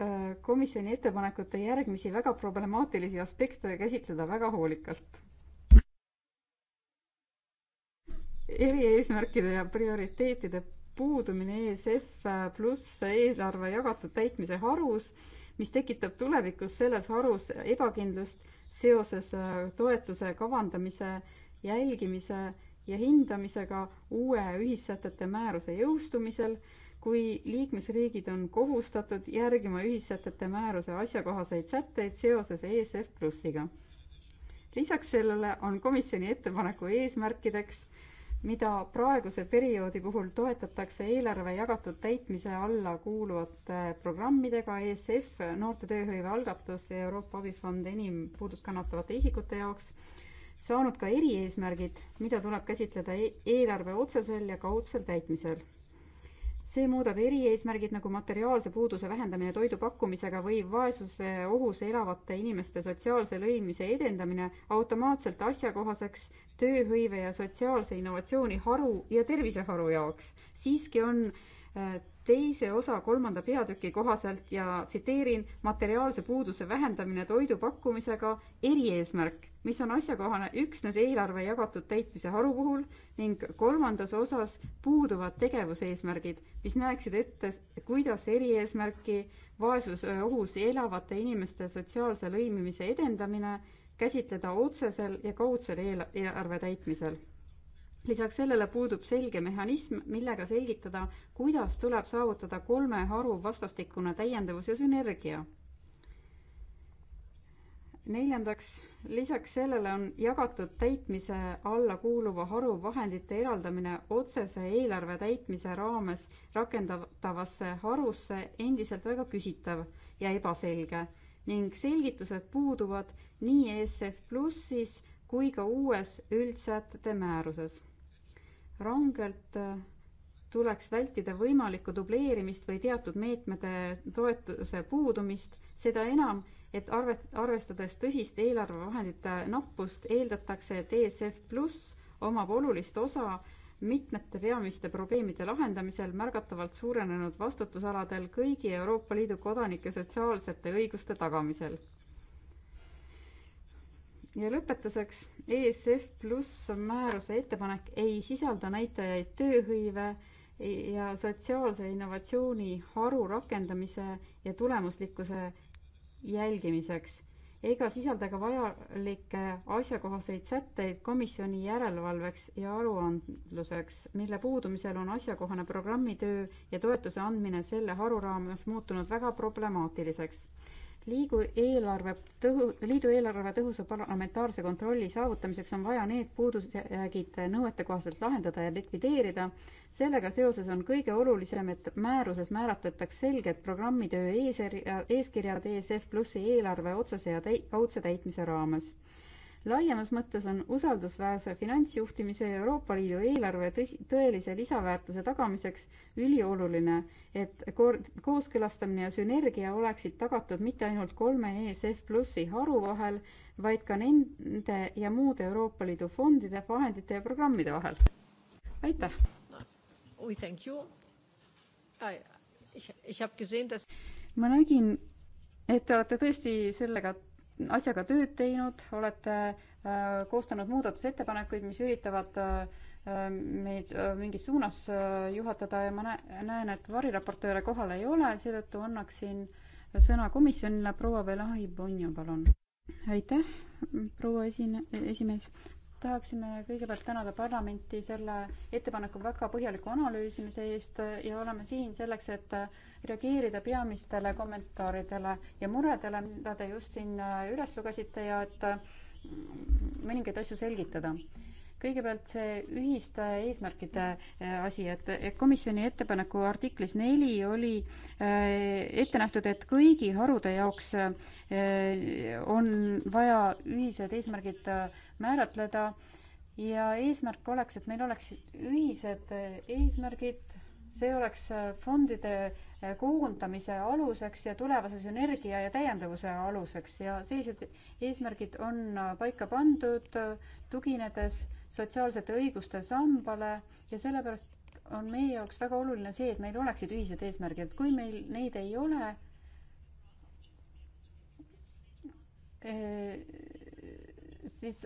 äh, komisjoni ettepanekute järgmisi väga problemaatilisi aspekte käsitleda väga hoolikalt. erieesmärkide ja prioriteetide puudumine ESF äh, pluss eelarve jagatud täitmise harus mis tekitab tulevikus selles harus ebakindlust seoses äh, toetuse kavandamise, jälgimise ja hindamisega uue ühissätete määruse jõustumisel, kui liikmesriigid on kohustatud järgima ühissätete määruse asjakohaseid sätteid seoses ESF Plussiga. lisaks sellele on komisjoni ettepaneku eesmärkideks mida praeguse perioodi puhul toetatakse eelarve jagatud täitmise alla kuuluvate programmidega ESF, noorte tööhõive algatus ja Euroopa abifond enim puudust kannatavate isikute jaoks, saanud ka erieesmärgid, mida tuleb käsitleda e-, eelarve otsesel ja kaudsel täitmisel see muudab erieesmärgid nagu materiaalse puuduse vähendamine toidu pakkumisega või vaesuse ohus elavate inimeste sotsiaalse lõimimise edendamine automaatselt asjakohaseks tööhõive ja sotsiaalse innovatsiooni haru ja terviseharu jaoks. siiski on äh, teise osa kolmanda peatüki kohaselt ja tsiteerin, materiaalse puuduse vähendamine toidu pakkumisega erieesmärk, mis on asjakohane üksnes eelarve jagatud täitmise haru puhul ning kolmandas osas puuduvad tegevuseesmärgid, mis näeksid ette, kuidas erieesmärki vaesusohus elavate inimeste sotsiaalse lõimimise edendamine käsitleda otsesel ja kaudsel eelarve täitmisel lisaks sellele puudub selge mehhanism, millega selgitada, kuidas tuleb saavutada kolme haru vastastikune täiendavus ja sünergia. neljandaks, lisaks sellele on jagatud täitmise alla kuuluva haru vahendite eraldamine otsese eelarve täitmise raames rakendatavasse harusse endiselt väga küsitav ja ebaselge ning selgitused puuduvad nii ESF Plussis kui ka uues üldsätete määruses rangelt äh, tuleks vältida võimalikku dubleerimist või teatud meetmete toetuse puudumist, seda enam, et arvet-, arvestades tõsist eelarvevahendite nappust, eeldatakse, et ESF pluss omab olulist osa mitmete peamiste probleemide lahendamisel märgatavalt suurenenud vastutusaladel kõigi Euroopa Liidu kodanike sotsiaalsete õiguste tagamisel ja lõpetuseks, ESF pluss määruse ettepanek ei sisalda näitajaid tööhõive ja sotsiaalse innovatsiooni haru rakendamise ja tulemuslikkuse jälgimiseks ega sisalda ka vajalikke asjakohaseid sätteid komisjoni järelevalveks ja aruandluseks, mille puudumisel on asjakohane programmitöö ja toetuse andmine selle haru raames muutunud väga problemaatiliseks liigu eelarve tõhu-, liidu eelarve tõhusa parlamentaarse kontrolli saavutamiseks on vaja need puudusjäägid nõuetekohaselt lahendada ja likvideerida. sellega seoses on kõige olulisem, et määruses määratletaks selged programmitöö eeser-, eeskirjad ESF Plussi eelarve otsese ja täi-, kaudse täitmise raames laiemas mõttes on usaldusväärse finantsjuhtimise ja Euroopa Liidu eelarve tõsi, tõelise lisaväärtuse tagamiseks ülioluline, et koor-, kooskõlastamine ja sünergia oleksid tagatud mitte ainult kolme ESF Plussi haru vahel, vaid ka nende ja muude Euroopa Liidu fondide, vahendite ja programmide vahel. aitäh! We thank you. I, ich, ich habe gesehen, dass ma nägin, et te olete tõesti sellega asjaga tööd teinud, olete äh, koostanud muudatusettepanekuid, mis üritavad äh, äh, meid mingis suunas juhatada ja ma näen, et variraportööre kohal ei ole, seetõttu annaksin sõna komisjonile, proua Velahi Bonja, palun. aitäh, proua esine, esimees tahaksime kõigepealt tänada parlamenti selle ettepaneku väga põhjaliku analüüsimise eest ja oleme siin selleks, et reageerida peamistele kommentaaridele ja muredele, mida te just siin üles lugesite ja et mõningaid asju selgitada kõigepealt see ühiste eesmärkide äh, asi, et, et komisjoni ettepaneku artiklis neli oli äh, ette nähtud, et kõigi harude jaoks äh, on vaja ühised eesmärgid määratleda ja eesmärk oleks, et meil oleks ühised eesmärgid see oleks äh, fondide äh, koondamise aluseks ja tulevase sünergia ja täiendavuse aluseks ja sellised eesmärgid on äh, paika pandud, tuginedes sotsiaalsete õiguste sambale ja sellepärast on meie jaoks väga oluline see, et meil oleksid ühised eesmärgid, kui meil neid ei ole, siis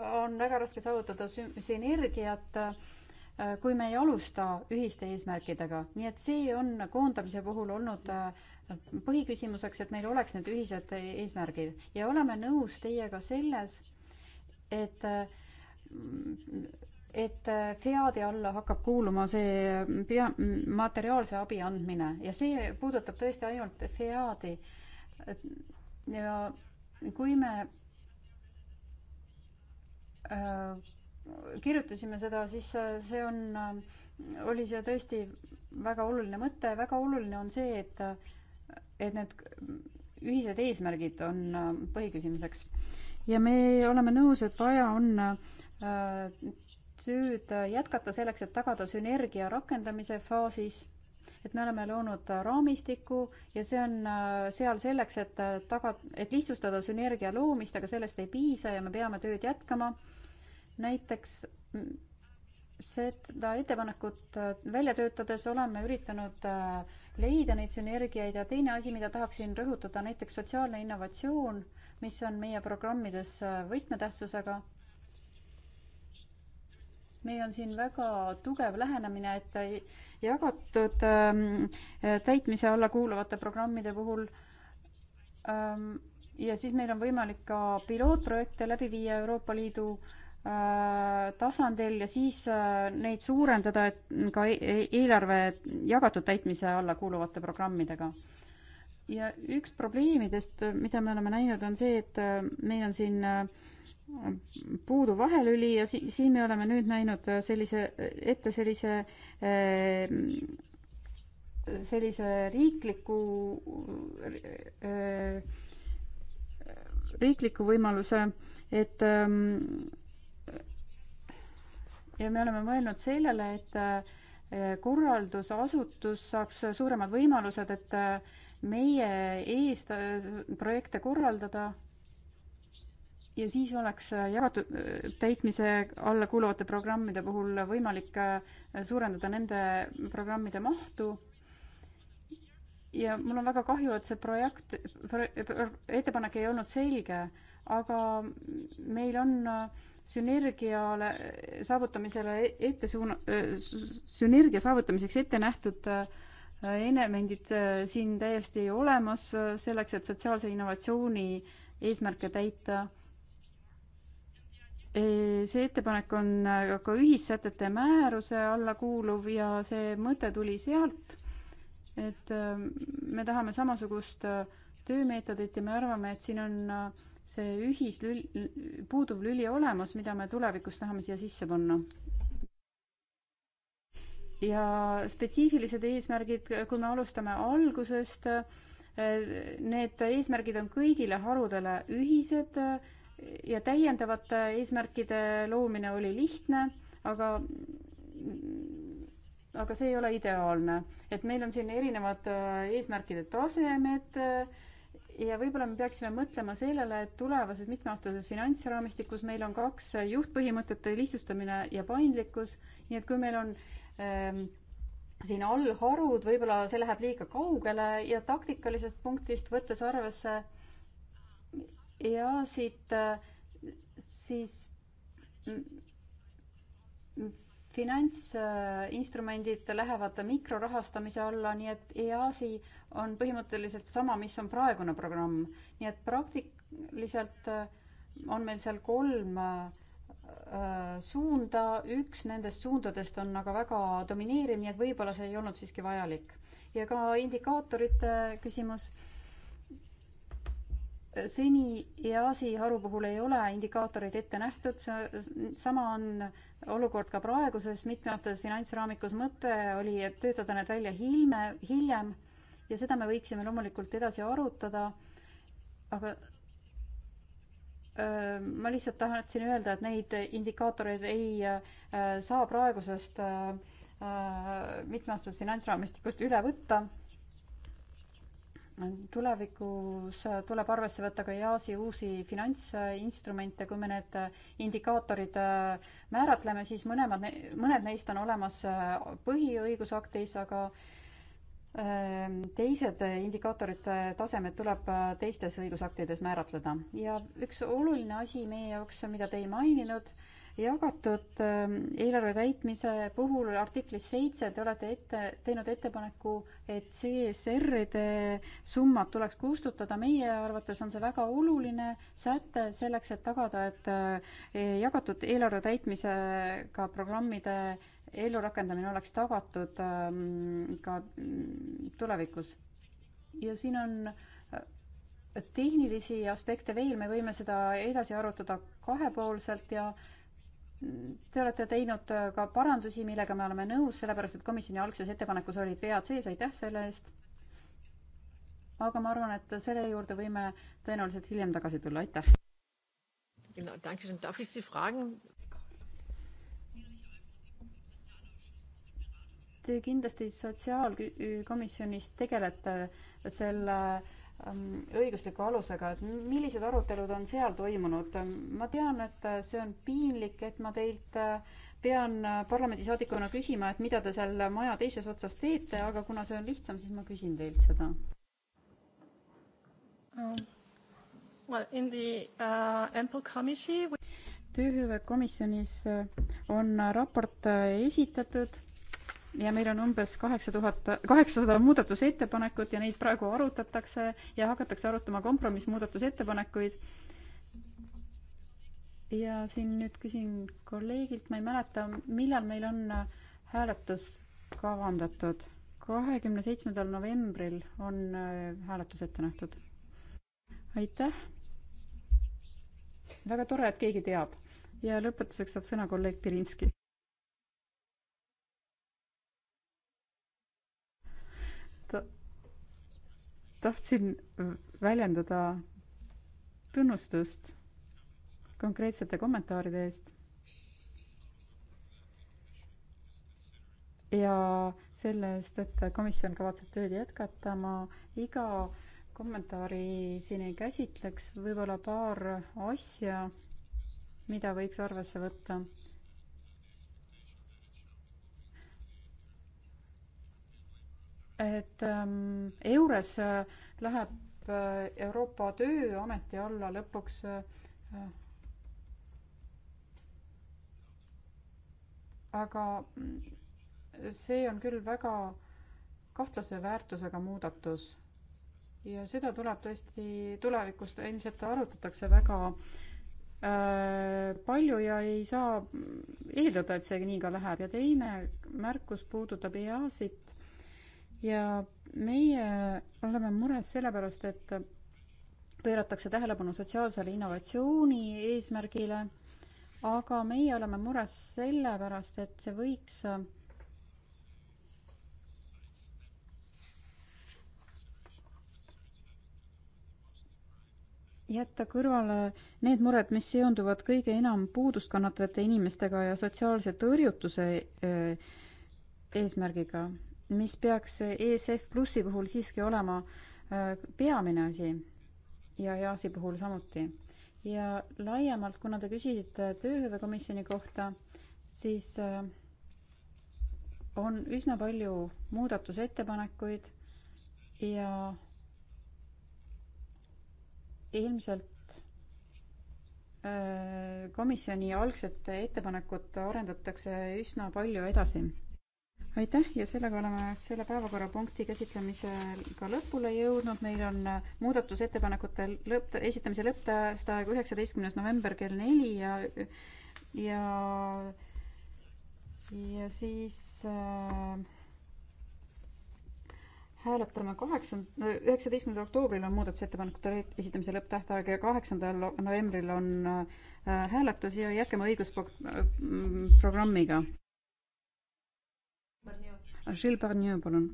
on väga raske saavutada sünergiat sü Äh, kui me ei alusta ühiste eesmärkidega, nii et see on koondamise puhul olnud äh, põhiküsimuseks, et meil oleks need ühised eesmärgid ja oleme nõus teiega selles, et äh, et FEAD-i alla hakkab kuuluma see pea, materiaalse abi andmine ja see puudutab tõesti ainult FEAD-i. ja kui me kirjutasime seda, siis see on, oli see tõesti väga oluline mõte, väga oluline on see, et, et need ühised eesmärgid on äh, põhiküsimuseks. ja me oleme nõus, et vaja on äh, tööd jätkata selleks, et tagada sünergia rakendamise faasis, et me oleme loonud raamistiku ja see on äh, seal selleks, et taga, et lihtsustada sünergia loomist, aga sellest ei piisa ja me peame tööd jätkama näiteks seda ettepanekut äh, välja töötades oleme üritanud äh, leida neid sünergiaid ja teine asi, mida tahaksin rõhutada, näiteks sotsiaalne innovatsioon, mis on meie programmides äh, võtmetähtsusega. meil on siin väga tugev lähenemine, et jagatud ähm, täitmise alla kuuluvate programmide puhul ähm, ja siis meil on võimalik ka pilootprojekte läbi viia Euroopa Liidu Äh, tasandil ja siis äh, neid suurendada, et ka e-, e-, eelarve jagatud täitmise alla kuuluvate programmidega. ja üks probleemidest, mida me oleme näinud, on see, et äh, meil on siin puudu vahelüli ja si-, siin me oleme nüüd näinud sellise, ette sellise sellise riikliku riikliku võimaluse, et ähm, ja me oleme mõelnud sellele, et äh, korraldusasutus saaks suuremad võimalused, et äh, meie eest äh, projekte korraldada ja siis oleks jagatud täitmise alla kuuluvate programmide puhul võimalik suurendada nende programmide mahtu. ja mul on väga kahju, et see projekt pro,, ettepanek ei olnud selge, aga meil on äh, sünergiale saavutamisele ette suuna-, sünergia saavutamiseks ette nähtud äh, elemendid äh, siin täiesti olemas äh, selleks, et sotsiaalse innovatsiooni eesmärke täita. see ettepanek on ka ühissätete määruse alla kuuluv ja see mõte tuli sealt, et me tahame samasugust töömeetodit ja me arvame, et siin on äh, see ühislül-, puuduv lüli olemas, mida me tulevikus tahame siia sisse panna. ja spetsiifilised eesmärgid, kui me alustame algusest, need eesmärgid on kõigile harudele ühised ja täiendavate eesmärkide loomine oli lihtne, aga aga see ei ole ideaalne, et meil on siin erinevad eesmärkide tasemed äh,, ja võib-olla me peaksime mõtlema sellele, et tulevases mitmeaastases finantsraamistikus meil on kaks äh, juhtpõhimõtet, lihtsustamine ja paindlikkus, nii et kui meil on ähm, siin allharud, võib-olla see läheb liiga kaugele ja taktikalisest punktist võttes arvesse ja siit äh, siis finantsinstrumendid lähevad mikrorahastamise alla, nii et EAS-i on põhimõtteliselt sama, mis on praegune programm. nii et praktiliselt äh, on meil seal kolm äh, suunda, üks nendest suundadest on aga väga domineeriv, nii et võib-olla see ei olnud siiski vajalik. ja ka indikaatorite küsimus seni EAS-i haru puhul ei ole indikaatoreid ette nähtud, see, sama on olukord ka praeguses mitmeaastases finantsraamikus, mõte oli, et töötada need välja hilme, hiljem ja seda me võiksime loomulikult edasi arutada, aga öö, ma lihtsalt tahtsin öelda, et neid indikaatoreid ei öö, saa praegusest mitmeaastasest finantsraamistikust üle võtta tulevikus tuleb arvesse võtta ka EAS-i uusi finantsinstrumente, kui me need indikaatorid äh, määratleme, siis mõlemad, mõned neist on olemas äh, põhiõigusaktis, aga äh, teised indikaatorite tasemed tuleb teistes õigusaktides määratleda. ja üks oluline asi meie jaoks, mida te ei maininud jagatud ähm, eelarve täitmise puhul artiklis seitse te olete ette, teinud ettepaneku, et CSR-ide summad tuleks kustutada. meie arvates on see väga oluline säte selleks, et tagada, et äh, e, jagatud eelarve täitmisega programmide ellurakendamine oleks tagatud ähm, ka mm, tulevikus. ja siin on äh, tehnilisi aspekte veel, me võime seda edasi arutada kahepoolselt ja äh, Te olete teinud äh, ka parandusi, millega me oleme nõus, sellepärast et komisjoni algses ettepanekus olid vead sees, aitäh selle eest. aga ma arvan, et selle juurde võime tõenäoliselt hiljem tagasi tulla, aitäh. Te kindlasti sotsiaalkomisjonis tegelete selle Ähm, õigusliku alusega, et millised arutelud on seal toimunud? ma tean, et see on piinlik, et ma teilt äh, pean äh, parlamendisaadikuna küsima, et mida te seal maja teises otsas teete, aga kuna see on lihtsam, siis ma küsin teilt seda um,. Well, in the uh, ample committee we... tööhõive komisjonis äh, on raport esitatud ja meil on umbes kaheksa tuhat, kaheksasada muudatusettepanekut ja neid praegu arutatakse ja hakatakse arutama kompromissmuudatusettepanekuid. ja siin nüüd küsin kolleegilt, ma ei mäleta, millal meil on hääletus kavandatud. kahekümne seitsmendal novembril on äh, hääletus ette nähtud. aitäh. väga tore, et keegi teab ja lõpetuseks saab sõna kolleeg Pirinski tahtsin väljendada tunnustust konkreetsete kommentaaride eest. ja selle eest, et komisjon kavatseb tööd jätkata, ma iga kommentaari siin ei käsitleks, võib-olla paar asja, mida võiks arvesse võtta et ähm, EURES äh, läheb äh, Euroopa Tööameti alla lõpuks äh, äh. aga mm, see on küll väga kahtlase väärtusega muudatus ja seda tuleb tõesti tulevikus ilmselt arutatakse väga äh, palju ja ei saa eeldada, et see nii ka läheb ja teine märkus puudutab EAS-it ja meie oleme mures sellepärast, et pööratakse tähelepanu sotsiaalsele innovatsiooni eesmärgile, aga meie oleme mures sellepärast, et see võiks jätta kõrvale need mured, mis seonduvad kõige enam puudust kannatavate inimestega ja sotsiaalse tõrjutuse eh, eesmärgiga mis peaks ESF Plussi puhul siiski olema äh, peamine asi ja EAS-i puhul samuti. ja laiemalt, kuna te küsisite tööhõivekomisjoni kohta, siis äh, on üsna palju muudatusettepanekuid ja ilmselt äh, komisjoni algset ettepanekut arendatakse üsna palju edasi aitäh ja sellega oleme selle päevakorrapunkti käsitlemisega lõpule jõudnud. meil on muudatusettepanekute lõpp, esitamise lõpptähtaeg üheksateistkümnes november kell neli ja, ja, ja siis äh, hääletame kaheksanda, üheksateistkümnendal oktoobril on muudatusettepanekute esitamise lõpptähtaeg ja kaheksandal novembril on äh, hääletus ja jätkame õigusprogrammiga. Mm, Gilles Barnier, palun.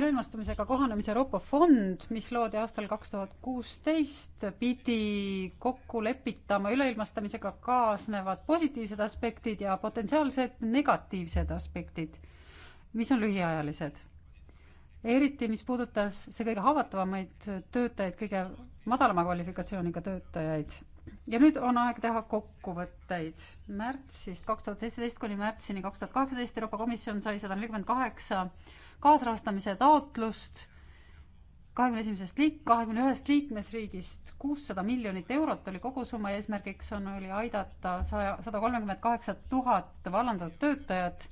üleilmastumisega kohanemise Euroopa fond, mis loodi aastal kaks tuhat kuusteist, pidi kokku lepitama üleilmastamisega kaasnevad positiivsed aspektid ja potentsiaalsed negatiivsed aspektid, mis on lühiajalised eriti mis puudutas see kõige haavatavamaid töötajaid, kõige madalama kvalifikatsiooniga töötajaid ja nüüd on aeg teha kokkuvõtteid. märtsist kaks tuhat seitseteist kuni märtsini kaks tuhat kaheksateist Euroopa Komisjon sai sada nelikümmend kaheksa kaasrahastamise taotlust kahekümne esimesest liik-, kahekümne ühest liikmesriigist kuussada miljonit eurot oli kogusumma, eesmärgiks on, oli aidata saja, sada kolmkümmend kaheksa tuhat vallandatud töötajat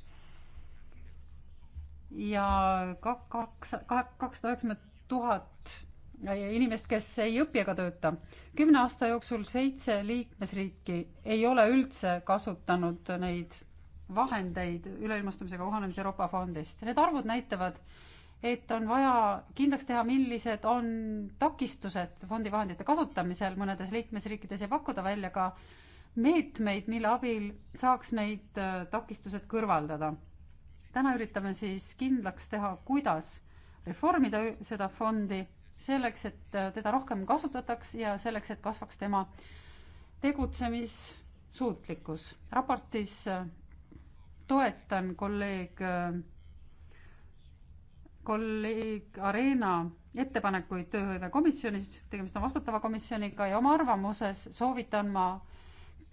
ja kaks, kakssada üheksakümmend tuhat Äh, inimest, kes ei õpi ega tööta. kümne aasta jooksul seitse liikmesriiki ei ole üldse kasutanud neid vahendeid üleilmastumisega kohanemise Euroopa fondist. Need arvud näitavad, et on vaja kindlaks teha, millised on takistused fondivahendite kasutamisel mõnedes liikmesriikides ja pakkuda välja ka meetmeid, mille abil saaks neid äh, takistused kõrvaldada. täna üritame siis kindlaks teha, kuidas reformida seda fondi selleks, et äh, teda rohkem kasutataks ja selleks, et kasvaks tema tegutsemissuutlikkus. raportis äh, toetan kolleeg, äh, kolleeg Areena ettepanekuid tööhõivekomisjonis, tegemist on vastutava komisjoniga ja oma arvamuses soovitan ma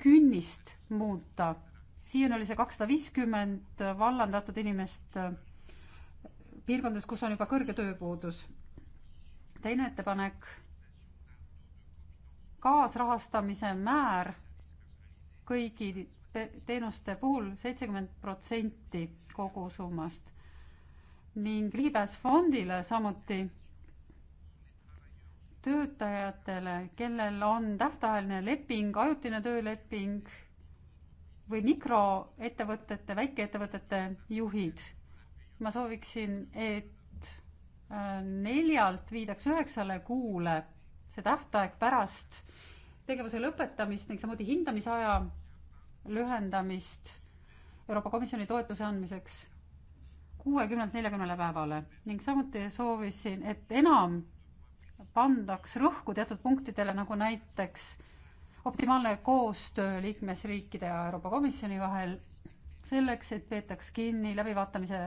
künnist muuta. siiani oli see kakssada viiskümmend vallandatud inimest piirkondades, kus on juba kõrge tööpuudus teine ettepanek, kaasrahastamise määr kõigi te teenuste puhul seitsekümmend protsenti kogusummast ning ligipääs fondile samuti töötajatele, kellel on tähtajaline leping, ajutine tööleping või mikroettevõtete, väikeettevõtete juhid. ma sooviksin, et neljalt viidaks üheksale kuule see tähtaeg pärast tegevuse lõpetamist ning samuti hindamisaja lühendamist Euroopa Komisjoni toetuse andmiseks kuuekümnelt neljakümnele päevale ning samuti soovisin, et enam pandaks rõhku teatud punktidele, nagu näiteks optimaalne koostöö liikmesriikide ja Euroopa Komisjoni vahel selleks, et peetaks kinni läbivaatamise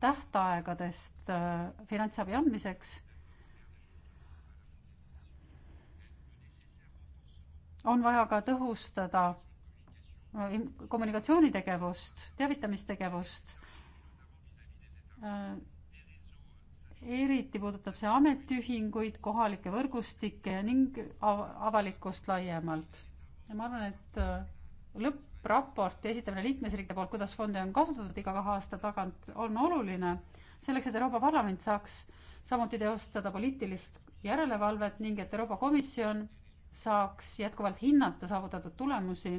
tähtaegadest äh, finantsabi andmiseks. on vaja ka tõhustada äh, kommunikatsioonitegevust, teavitamistegevust. Äh, eriti puudutab see ametiühinguid, kohalikke võrgustikke ning avalikkust laiemalt. ja ma arvan, et lõpp raporti esitamine liikmesriikide poolt, kuidas fonde on kasutatud iga kahe aasta tagant, on oluline selleks, et Euroopa Parlament saaks samuti teostada poliitilist järelevalvet ning et Euroopa Komisjon saaks jätkuvalt hinnata saavutatud tulemusi,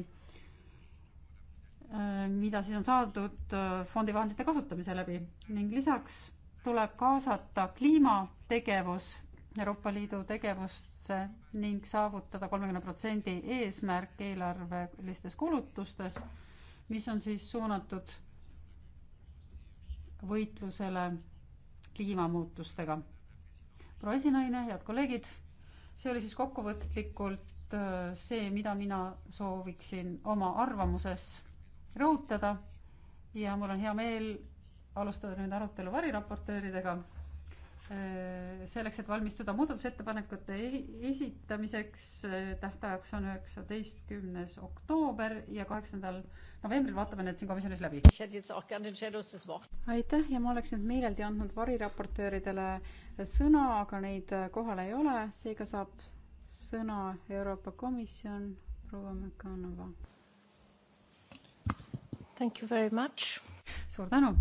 äh, mida siis on saadud äh, fondivahendite kasutamise läbi ning lisaks tuleb kaasata kliimategevus, Euroopa Liidu tegevust sisse ning saavutada kolmekümne protsendi eesmärk eelarvelistes kulutustes, mis on siis suunatud võitlusele kliimamuutustega. proua esinaine, head kolleegid, see oli siis kokkuvõtlikult äh, see, mida mina sooviksin oma arvamuses rõhutada ja mul on hea meel alustada nüüd arutelu variraportööridega Äh, selleks, et valmistuda muudatusettepanekute e-, esitamiseks, äh, tähtajaks on üheksateistkümnes oktoober ja kaheksandal novembril vaatame need siin komisjonis läbi. aitäh ja ma oleks nüüd meeleldi andnud variraportööridele sõna, aga neid äh, kohal ei ole, seega saab sõna Euroopa Komisjon, proua Mekanova. Thank you very much. suur tänu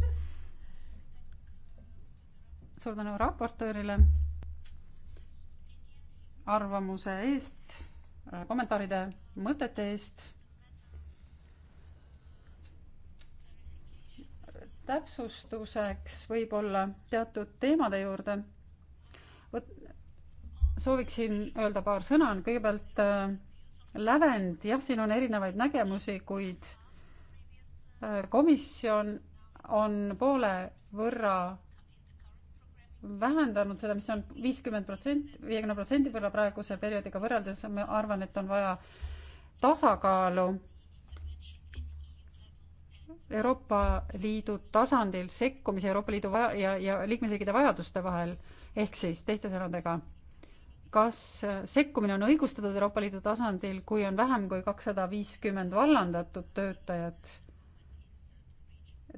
suur tänu raportöörile arvamuse eest, äh, kommentaaride, mõtete eest. täpsustuseks võib-olla teatud teemade juurde. vot sooviksin öelda paar sõna, on kõigepealt äh, lävend, jah, siin on erinevaid nägemusi, kuid äh, komisjon on poole võrra vähendanud seda, mis on viiskümmend protsenti, viiekümne protsendi võrra praeguse perioodiga võrreldes, ma arvan, et on vaja tasakaalu Euroopa Liidu tasandil sekkumise Euroopa Liidu vaja- ja, ja liikmesriikide vajaduste vahel, ehk siis teiste sõnadega, kas sekkumine on õigustatud Euroopa Liidu tasandil, kui on vähem kui kakssada viiskümmend vallandatud töötajat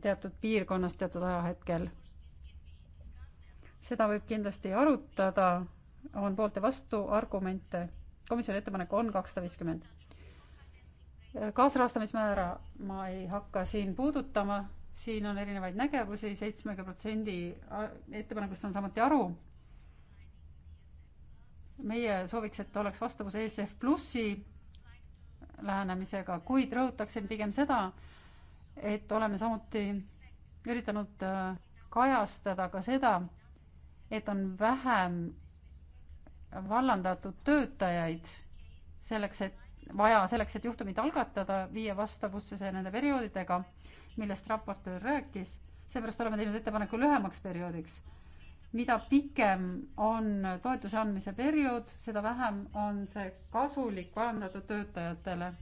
teatud piirkonnas teatud ajahetkel seda võib kindlasti arutada, on poolt ja vastu argumente. komisjoni ettepanek on kakssada viiskümmend. kaasrahastamismäära ma ei hakka siin puudutama, siin on erinevaid nägevusi, seitsmekümne protsendi äh, ettepanekust saan samuti aru. meie sooviks, et oleks vastavus ESF Plussi lähenemisega, kuid rõhutaksin pigem seda, et oleme samuti üritanud äh, kajastada ka seda, et on vähem vallandatud töötajaid selleks, et vaja selleks, et juhtumid algatada, viia vastavusse see nende perioodidega, millest raportöör rääkis. seepärast oleme teinud ettepaneku lühemaks perioodiks. mida pikem on toetuse andmise periood, seda vähem on see kasulik vallandatud töötajatele.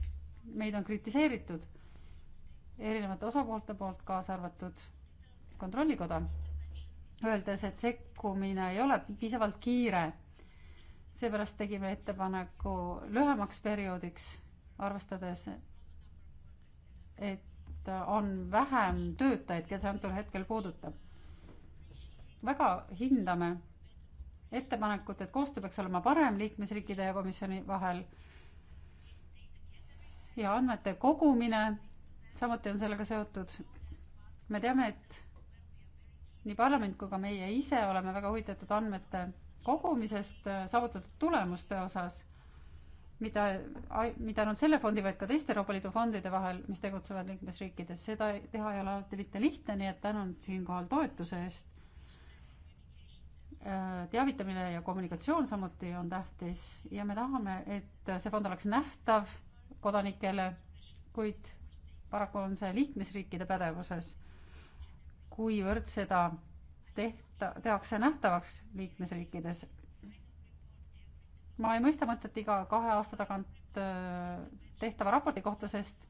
meid on kritiseeritud erinevate osapoolte poolt, kaasa arvatud kontrollikoda öeldes, et sekkumine ei ole piisavalt kiire. seepärast tegime ettepaneku lühemaks perioodiks, arvestades, et on vähem töötajaid, keda see antud hetkel puudutab. väga hindame ettepanekut, et koostöö peaks olema parem liikmesriikide ja komisjoni vahel ja andmete kogumine samuti on sellega seotud. me teame, et nii parlament kui ka meie ise oleme väga huvitatud andmete kogumisest äh, saavutatud tulemuste osas, mida, mida nad selle fondi, vaid ka teiste Euroopa Liidu fondide vahel, mis tegutsevad liikmesriikides, seda teha ei ole alati mitte lihtne, nii et tänan siinkohal toetuse eest. Äh, teavitamine ja kommunikatsioon samuti on tähtis ja me tahame, et see fond oleks nähtav kodanikele, kuid paraku on see liikmesriikide pädevuses kuivõrd seda tehta, tehakse nähtavaks liikmesriikides. ma ei mõista mõtet iga kahe aasta tagant äh, tehtava raporti kohta, sest,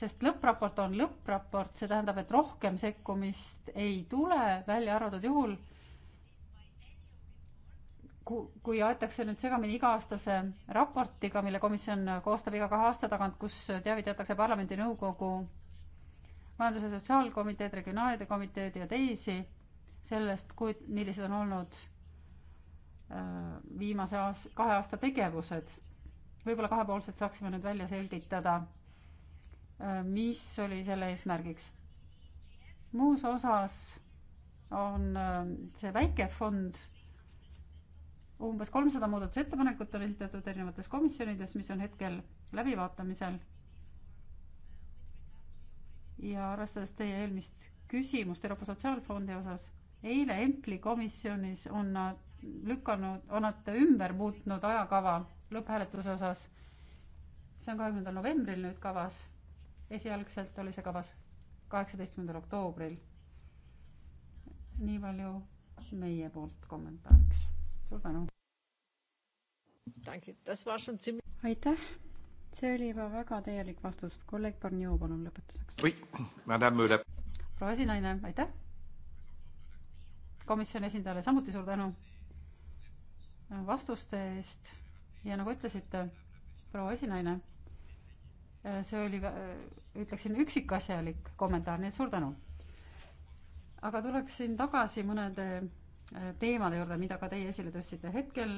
sest lõppraport on lõppraport, see tähendab, et rohkem sekkumist ei tule, välja arvatud juhul, kui, kui aetakse nüüd segamini iga-aastase raportiga, mille komisjon koostab iga kahe aasta tagant, kus teavitatakse parlamendi nõukogu majandus- ja sotsiaalkomiteed, regionaalide komiteed ja teisi sellest, kui, millised on olnud äh, viimase aas-, kahe aasta tegevused. võib-olla kahepoolselt saaksime nüüd välja selgitada, äh, mis oli selle eesmärgiks. muus osas on äh, see väike fond, umbes kolmsada muudatusettepanekut on esitatud erinevates komisjonides, mis on hetkel läbivaatamisel ja arvestades teie eelmist küsimust Euroopa Sotsiaalfondi osas, eile EMPLi komisjonis on nad lükanud, on nad ümber muutnud ajakava lõpphääletuse osas. see on kahekümnendal novembril nüüd kavas. esialgselt oli see kavas kaheksateistkümnendal oktoobril. nii palju meie poolt kommentaariks. suur tänu. aitäh see oli juba väga täielik vastus. kolleeg Barnio, palun lõpetuseks. oi, madame Mööle. proua esinaine, aitäh. komisjoni esindajale samuti suur tänu vastuste eest ja nagu ütlesite, proua esinaine, see oli, ütleksin, üksikasjalik kommentaar, nii et suur tänu. aga tuleksin tagasi mõnede eh, teemade juurde, mida ka teie esile tõstsite. hetkel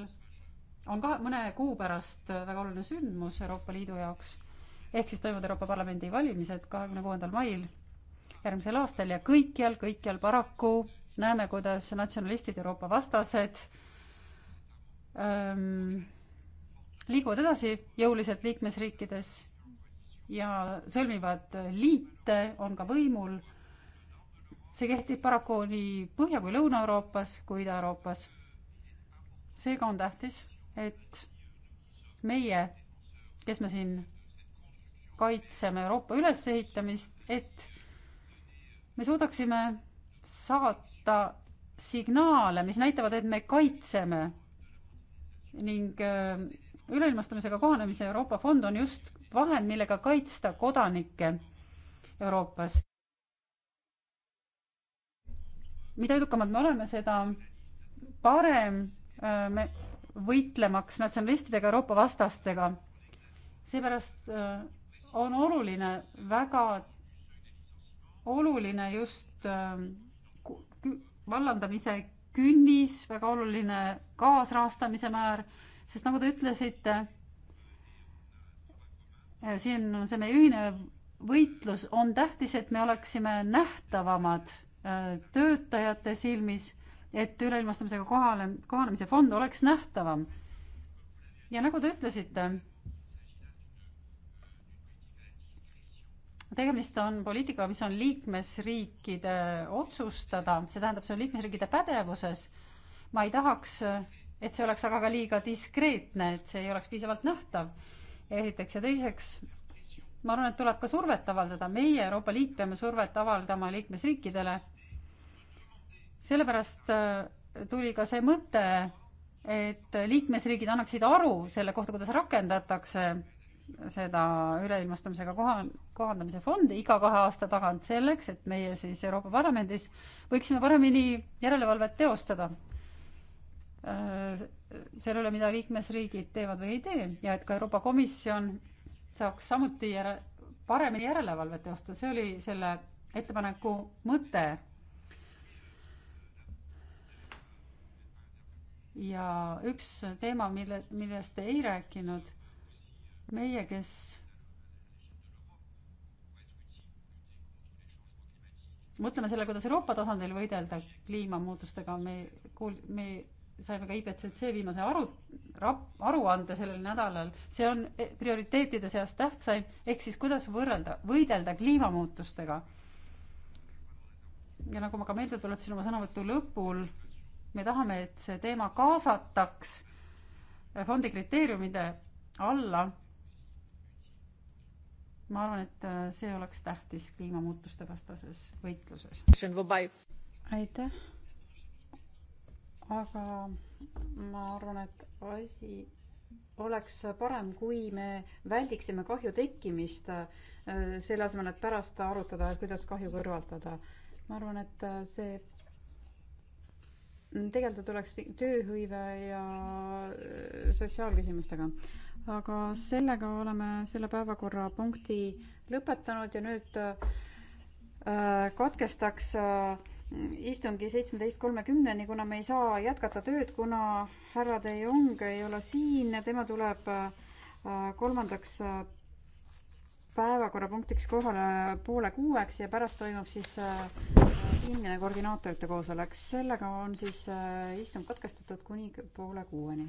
on kahe, mõne kuu pärast äh, väga oluline sündmus Euroopa Liidu jaoks. ehk siis toimuvad Euroopa Parlamendi valimised kahekümne kuuendal mail järgmisel aastal ja kõikjal, kõikjal paraku näeme, kuidas natsionalistid, Euroopa vastased ähm, liiguvad edasi jõuliselt liikmesriikides ja sõlmivad liite, on ka võimul. see kehtib paraku nii Põhja- kui Lõuna-Euroopas kui Ida-Euroopas. seega on tähtis et meie, kes me siin kaitseme Euroopa ülesehitamist, et me suudaksime saata signaale, mis näitavad, et me kaitseme ning äh, üleilmastumisega kohanemise Euroopa fond on just vahend, millega kaitsta kodanikke Euroopas. mida edukamad me oleme, seda parem äh, me võitlemaks natsionalistidega, Euroopa vastastega. seepärast äh, on oluline, väga oluline just äh, vallandamise künnis, väga oluline kaasrahastamise määr, sest nagu te ütlesite, äh, siin on see meie ühine võitlus, on tähtis, et me oleksime nähtavamad töötajate silmis et üleilmastamisega kohale, kohanemise fond oleks nähtavam. ja nagu te ütlesite, tegemist on poliitikaga, mis on liikmesriikide otsustada, see tähendab, see on liikmesriikide pädevuses. ma ei tahaks, et see oleks aga ka liiga diskreetne, et see ei oleks piisavalt nähtav. esiteks ja teiseks, ma arvan, et tuleb ka survet avaldada, meie Euroopa Liit peame survet avaldama liikmesriikidele sellepärast äh, tuli ka see mõte, et liikmesriigid annaksid aru selle kohta, kuidas rakendatakse seda üleilmastumisega koha, kohandamise fondi iga kahe aasta tagant selleks, et meie siis Euroopa Parlamendis võiksime paremini järelevalvet teostada äh, selle üle, mida liikmesriigid teevad või ei tee ja et ka Euroopa Komisjon saaks samuti järe, paremini järelevalvet teostada, see oli selle ettepaneku mõte ja üks teema, mille, millest te ei rääkinud, meie, kes mõtleme selle, kuidas Euroopa tasandil võidelda kliimamuutustega, me kuul-, me saime ka IPCC viimase aru, aruande sellel nädalal, see on e, prioriteetide seas tähtsaim, ehk siis kuidas võrrelda, võidelda kliimamuutustega. ja nagu ma ka meelde tuletasin oma sõnavõtu lõpul, me tahame, et see teema kaasataks fondi kriteeriumide alla. ma arvan, et äh, see oleks tähtis kliimamuutuste vastases võitluses. aitäh. aga ma arvan, et asi oleks parem, kui me väldiksime kahju tekkimist, äh, selle asemel, et pärast arutada, kuidas kahju kõrvaldada. ma arvan, et äh, see tegeleda tuleks tööhõive ja äh, sotsiaalküsimustega. aga sellega oleme selle päevakorrapunkti lõpetanud ja nüüd äh, katkestaks äh, istungi seitsmeteist kolmekümneni, kuna me ei saa jätkata tööd, kuna härra De Jong ei ole siin, tema tuleb kolmandaks päevakorrapunktiks kohale poole kuueks ja pärast toimub siis äh, siinne koordinaatorite koosolek. sellega on siis äh, istung katkestatud kuni poole kuueni.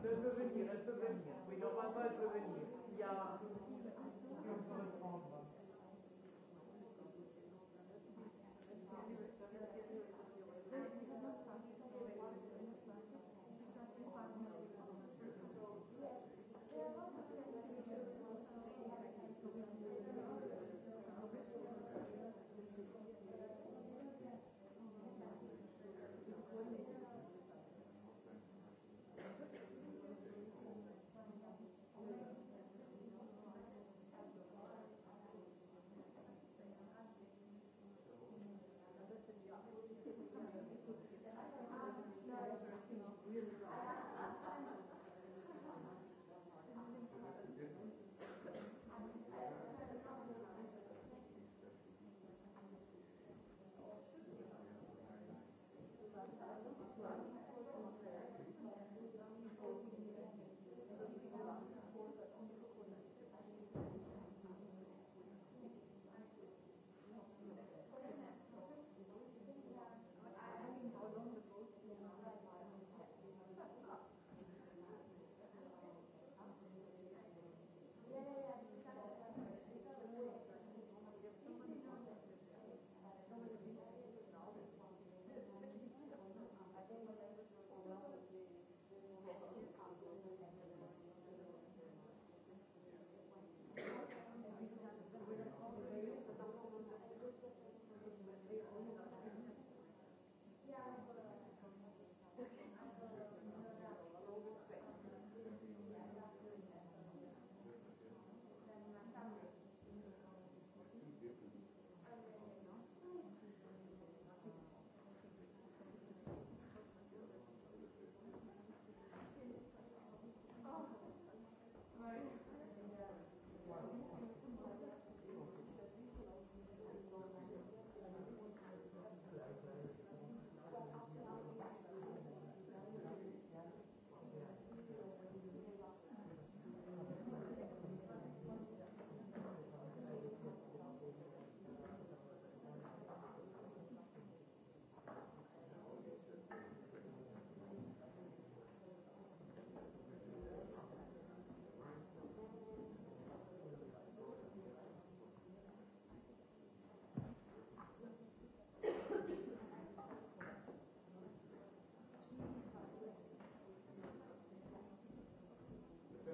prevenir, el prevenir. Cuidado para prevenir. Ya.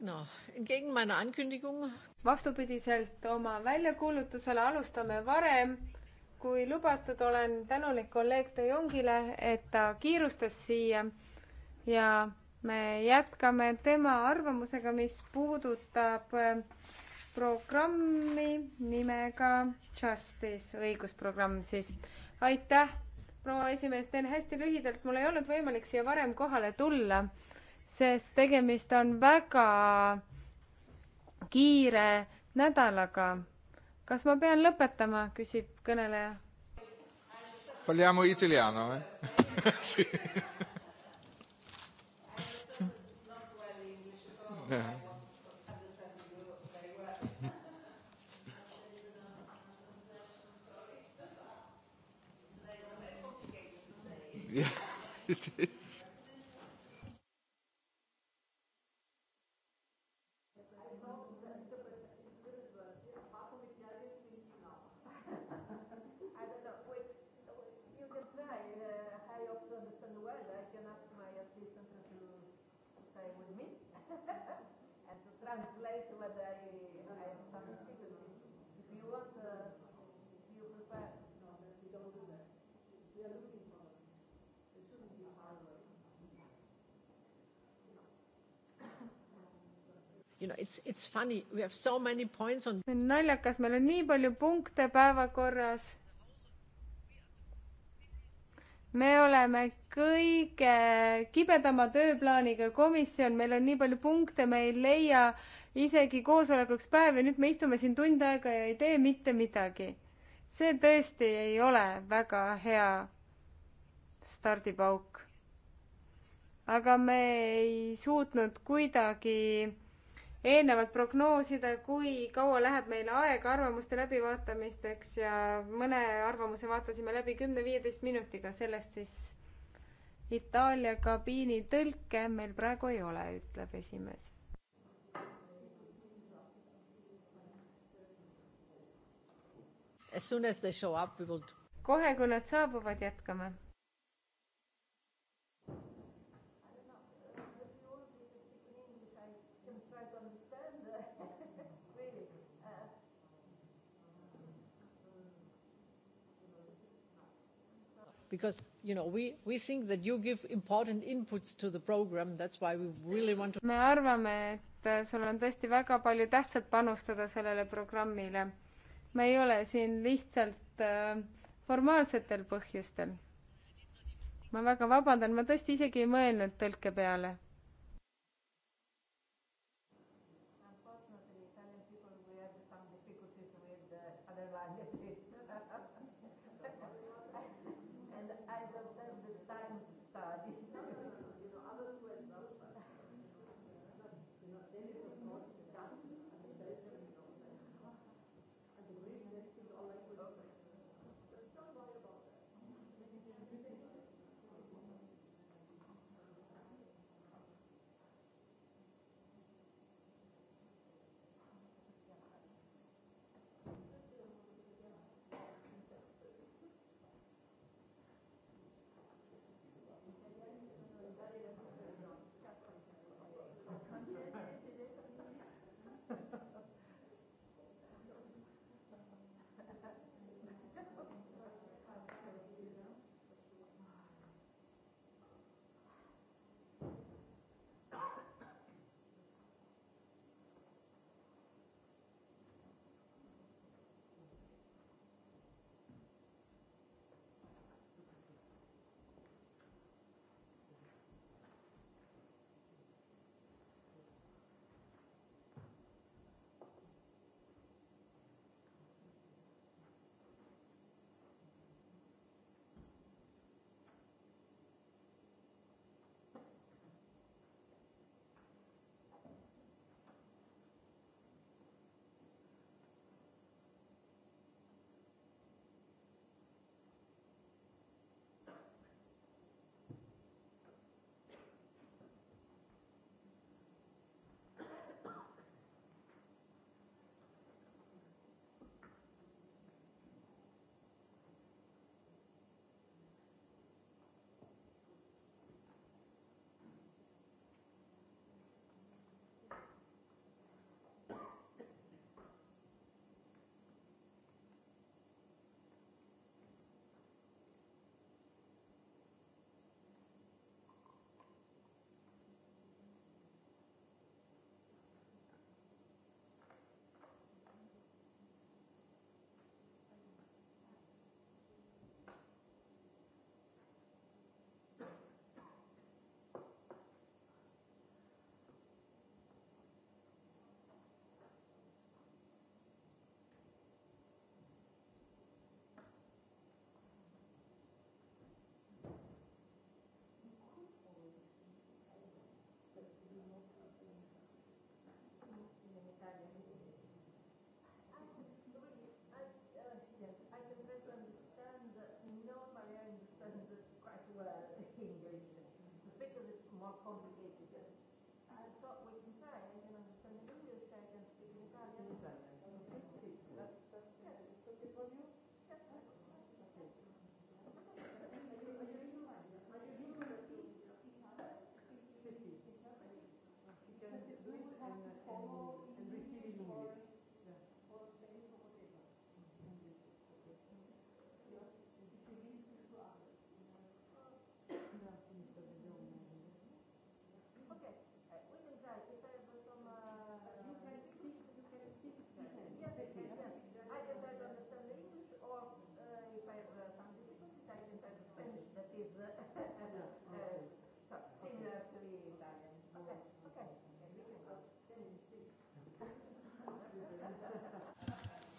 no, gegen meine Ankündigung. vastupidiselt oma väljakuulutusele alustame varem, kui lubatud, olen tänulik kolleeg De Jongile, et ta kiirustas siia ja me jätkame tema arvamusega, mis puudutab äh, programmi nimega Justice, õigusprogramm siis. aitäh, proua esimees, teen hästi lühidalt, mul ei olnud võimalik siia varem kohale tulla sest tegemist on väga kiire nädalaga. kas ma pean lõpetama, küsib kõneleja. Parliamo italiano eh? sì. Yeah. Yeah, it is. and to translate what I, I have some difficulties. If you want, uh, if you prefer. No, we don't do that. We are looking for it. It shouldn't be hard work. You know, it's, it's funny, we have so many points on naljakas, meil on nii palju punkte päevakorras me oleme kõige kibedama tööplaaniga komisjon, meil on nii palju punkte, me ei leia isegi koosolekuks päevi, nüüd me istume siin tund aega ja ei tee mitte midagi. see tõesti ei ole väga hea stardipauk. aga me ei suutnud kuidagi eelnevalt prognoosida, kui kaua läheb meil aega arvamuste läbivaatamisteks ja mõne arvamuse vaatasime läbi kümne-viieteist minutiga, sellest siis Itaalia kabiini tõlke meil praegu ei ole, ütleb esimees As soon as they show up, we will kohe, kui nad saabuvad, jätkame because you know we we think that you give important inputs to the program that's why we really want to me arvame et äh, sul on tõesti väga palju tähtsat panustada sellele programmile me ei ole siin lihtsalt äh, formaalsetel põhjustel ma väga vabandan ma tõesti isegi ei mõelnud tõlke peale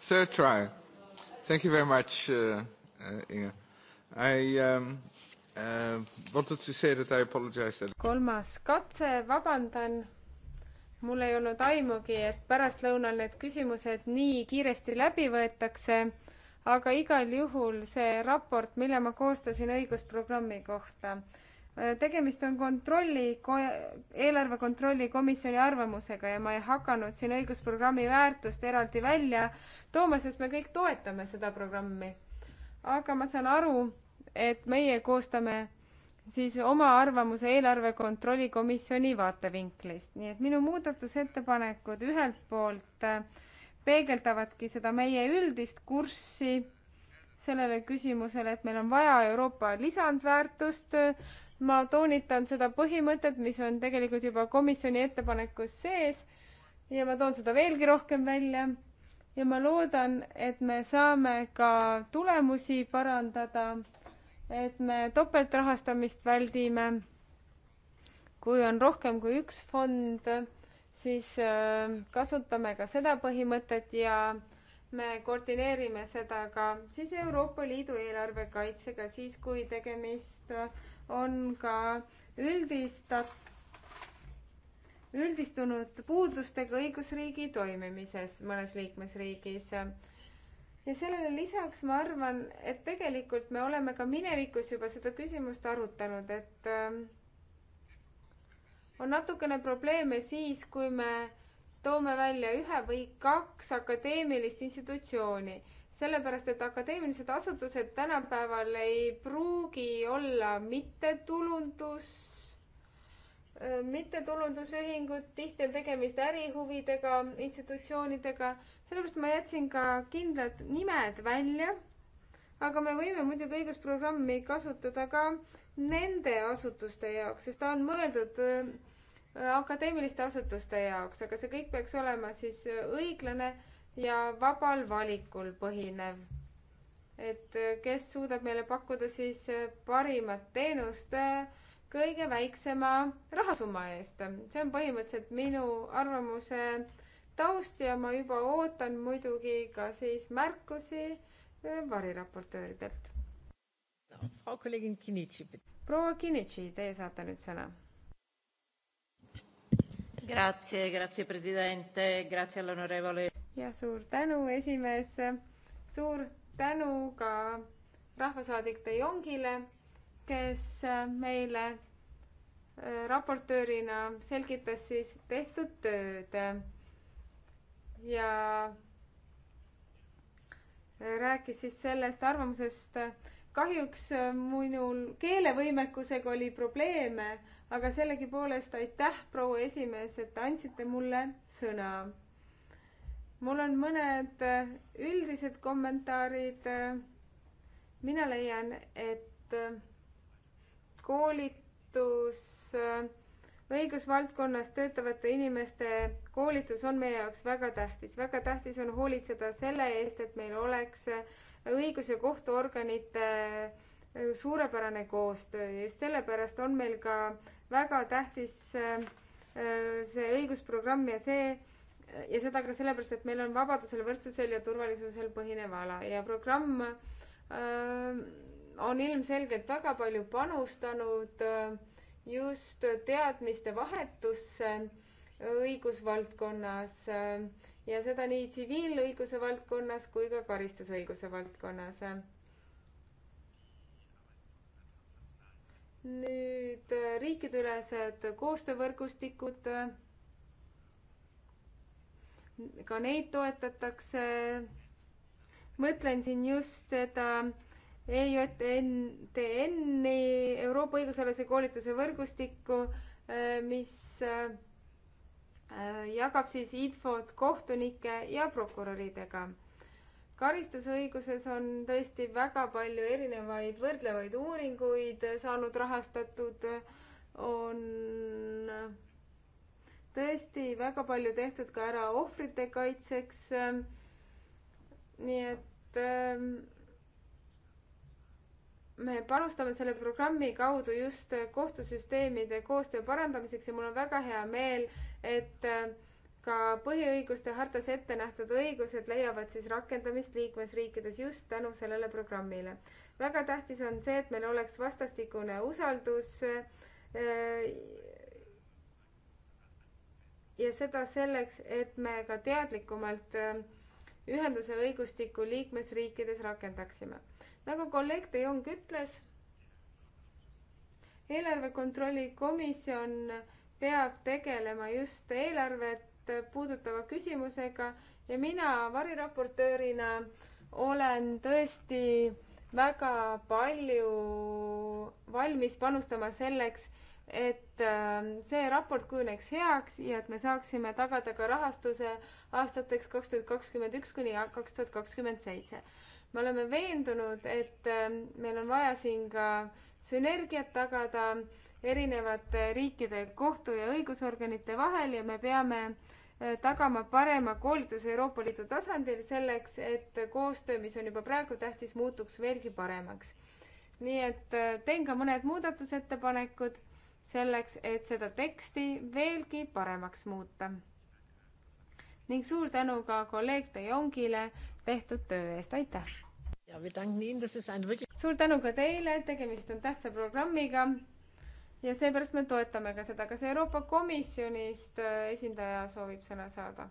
Third try. Thank you very much, uh, uh, Inge. I um, uh, wanted to say that I apologize that kolmas katse, vabandan. mul ei olnud aimugi, et pärastlõunal need küsimused nii kiiresti läbi võetakse, aga igal juhul see raport, mille ma koostasin õigusprogrammi kohta, tegemist on kontrolli, eelarve kontrolli komisjoni arvamusega ja ma ei hakanud siin õigusprogrammi väärtust eraldi välja tooma, sest me kõik toetame seda programmi. aga ma saan aru, et meie koostame siis oma arvamuse eelarve kontrolli komisjoni vaatevinklist, nii et minu muudatusettepanekud ühelt poolt äh, peegeldavadki seda meie üldist kurssi sellele küsimusele, et meil on vaja Euroopa lisandväärtust, ma toonitan seda põhimõtet, mis on tegelikult juba komisjoni ettepanekus sees ja ma toon seda veelgi rohkem välja ja ma loodan, et me saame ka tulemusi parandada, et me topeltrahastamist väldime. kui on rohkem kui üks fond, siis äh, kasutame ka seda põhimõtet ja me koordineerime seda ka siis Euroopa Liidu eelarve kaitsega, siis kui tegemist on ka üldistat-, üldistunud puudustega õigusriigi toimimises mõnes liikmesriigis. ja sellele lisaks ma arvan, et tegelikult me oleme ka minevikus juba seda küsimust arutanud, et äh, on natukene probleeme siis, kui me toome välja ühe või kaks akadeemilist institutsiooni sellepärast, et akadeemilised asutused tänapäeval ei pruugi olla mittetulundus, mittetulundusühingud, tihti on tegemist ärihuvidega, institutsioonidega, sellepärast ma jätsin ka kindlad nimed välja. aga me võime muidugi õigusprogrammi kasutada ka nende asutuste jaoks, sest ta on mõeldud äh, akadeemiliste asutuste jaoks, aga see kõik peaks olema siis äh, õiglane ja vabal valikul põhinev. et äh, kes suudab meile pakkuda siis äh, parimat teenust äh, kõige väiksema rahasumma eest. see on põhimõtteliselt minu arvamuse taust ja ma juba ootan muidugi ka siis märkusi variraportööridelt. proua Kinnitši, teie saate nüüd sõna grazie grazie presidente grazie all'onorevole ja suur tänu, esimees. suur tänu ka rahvasaadik De Jongile, kes meile äh, raportöörina selgitas siis tehtud tööd ja äh, rääkis siis sellest arvamusest. kahjuks äh, minul keelevõimekusega oli probleeme, aga sellegipoolest aitäh, proua esimees, et andsite mulle sõna mul on mõned äh, üldised kommentaarid. Äh, mina leian, et äh, koolitus õigusvaldkonnas töötavate inimeste koolitus on meie jaoks väga tähtis. väga tähtis on hoolitseda selle eest, et meil oleks õigus- ja kohtuorganite suurepärane koostöö ja just sellepärast on meil ka väga tähtis see õigusprogramm ja see, ja seda ka sellepärast, et meil on vabadusel, võrdsusel ja turvalisusel põhinev ala ja programm ähm, on ilmselgelt väga palju panustanud äh, just teadmiste vahetusse õigusvaldkonnas äh, ja seda nii tsiviilõiguse valdkonnas kui ka karistusõiguse valdkonnas. nüüd äh, riikideülesed koostöövõrgustikud ka neid toetatakse. mõtlen siin just seda EJTN-i Euroopa õigusalase koolituse võrgustikku, äh, mis äh, jagab siis infot kohtunike ja prokuröridega. karistusõiguses on tõesti väga palju erinevaid võrdlevaid uuringuid saanud rahastatud, on tõesti väga palju tehtud ka ära ohvrite kaitseks. Ähm, nii et ähm, me panustame selle programmi kaudu just kohtusüsteemide koostöö parandamiseks ja mul on väga hea meel, et äh, ka põhiõiguste hartas ette nähtud õigused leiavad siis rakendamist liikmesriikides just tänu sellele programmile. väga tähtis on see, et meil oleks vastastikune usaldus äh, ja seda selleks, et me ka teadlikumalt äh, ühenduse õigustikku liikmesriikides rakendaksime. nagu kolleeg De Jong ütles, eelarve kontrolli komisjon peab tegelema just eelarvet puudutava küsimusega ja mina variraportöörina olen tõesti väga palju valmis panustama selleks, et ähm, see raport kujuneks heaks ja et me saaksime tagada ka rahastuse aastateks kaks tuhat kakskümmend üks kuni kaks tuhat kakskümmend seitse. me oleme veendunud, et ähm, meil on vaja siin ka sünergiat tagada erinevate riikide kohtu- ja õigusorganite vahel ja me peame äh, tagama parema koolituse Euroopa Liidu tasandil selleks, et koostöö, mis on juba praegu tähtis, muutuks veelgi paremaks. nii et äh, teen ka mõned muudatusettepanekud selleks, et seda teksti veelgi paremaks muuta. ning suur tänu ka kolleeg De Jongile tehtud töö eest, aitäh! suur tänu ka teile, tegemist on tähtsa programmiga ja seepärast me toetame ka seda. kas Euroopa Komisjonist äh, esindaja soovib sõna saada?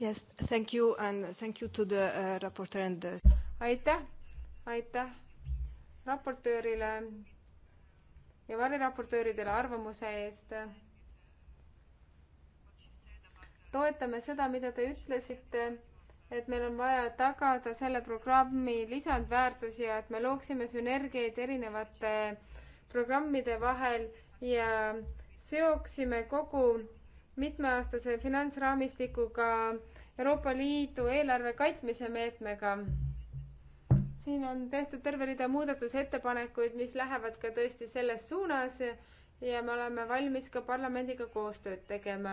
Yes, thank you and thank you to the uh, äh, raporteur and the... aitäh aitäh raportöörile ja variraportööridele arvamuse eest. toetame seda, mida te ütlesite, et meil on vaja tagada selle programmi lisandväärtus ja et me looksime sünergiaid erinevate programmide vahel ja seoksime kogu mitmeaastase finantsraamistikuga Euroopa Liidu eelarve kaitsmise meetmega siin on tehtud terve rida muudatusettepanekuid, mis lähevad ka tõesti selles suunas ja me oleme valmis ka parlamendiga koostööd tegema.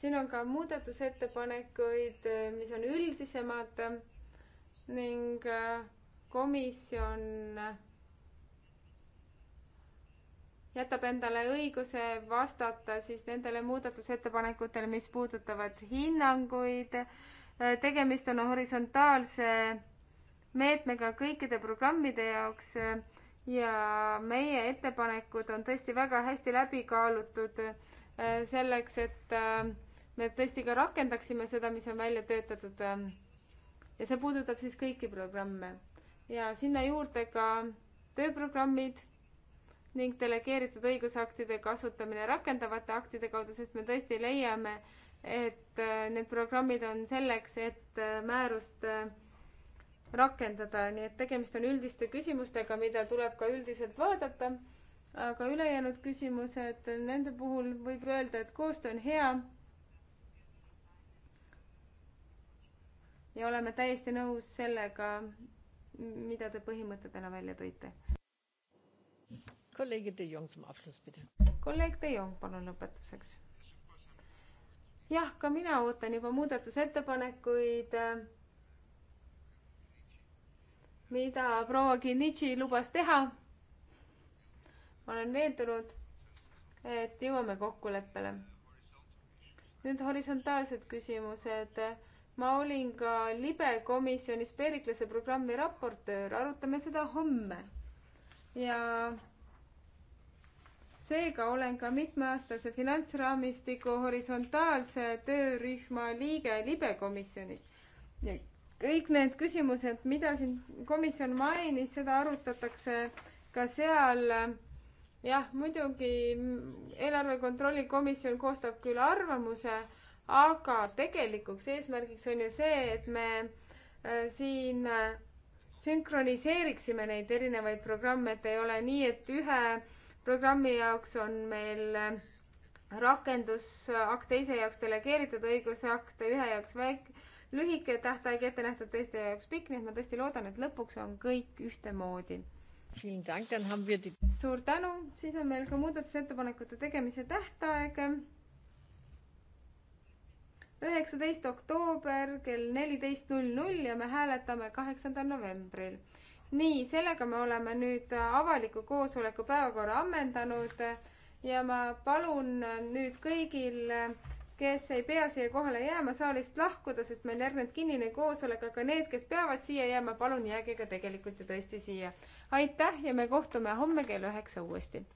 siin on ka muudatusettepanekuid, mis on üldisemad ning äh, komisjon jätab endale õiguse vastata siis nendele muudatusettepanekutele, mis puudutavad hinnanguid. Äh, tegemist on horisontaalse meetmega kõikide programmide jaoks äh, ja meie ettepanekud on tõesti väga hästi läbi kaalutud äh, selleks, et äh, me tõesti ka rakendaksime seda, mis on välja töötatud. ja see puudutab siis kõiki programme ja sinna juurde ka tööprogrammid ning delegeeritud õigusaktide kasutamine rakendavate aktide kaudu, sest me tõesti leiame, et need programmid on selleks, et määrust äh, rakendada, nii et tegemist on üldiste küsimustega, mida tuleb ka üldiselt vaadata. aga ülejäänud küsimused, nende puhul võib öelda, et koostöö on hea. ja oleme täiesti nõus sellega, mida te põhimõtetena välja tõite. kolleeg De Jong, kolleeg De Jong, palun lõpetuseks. jah, ka mina ootan juba muudatusettepanekuid mida proua Kinnitši lubas teha. ma olen veendunud, et jõuame kokkuleppele. nüüd horisontaalsed küsimused. ma olin ka libe komisjonis Periklase programmi raportöör, arutame seda homme. ja seega olen ka mitmeaastase finantsraamistiku horisontaalse töörühma liige libe komisjonis kõik need küsimused, mida siin komisjon mainis, seda arutatakse ka seal. jah, muidugi eelarve kontrolli komisjon koostab küll arvamuse, aga tegelikuks eesmärgiks on ju see, et me äh, siin äh, sünkroniseeriksime neid erinevaid programme, et ei ole nii, et ühe programmi jaoks on meil äh, rakendusakt, teise jaoks delegeeritud õigusakt, ühe jaoks väike lühike tähtaeg ette nähtud, teiste jaoks pikk, nii et ma tõesti loodan, et lõpuks on kõik ühtemoodi. suur tänu, siis on meil ka muudatusettepanekute tegemise tähtaeg. üheksateist oktoober kell neliteist null null ja me hääletame kaheksandal novembril. nii, sellega me oleme nüüd avaliku koosoleku päevakorra ammendanud ja ma palun nüüd kõigil kes ei pea siia kohale jääma, saalist lahkuda, sest meil järgneb kinnine koosolek, aga need, kes peavad siia jääma, palun jääge ka tegelikult ja tõesti siia. aitäh ja me kohtume homme kell üheksa uuesti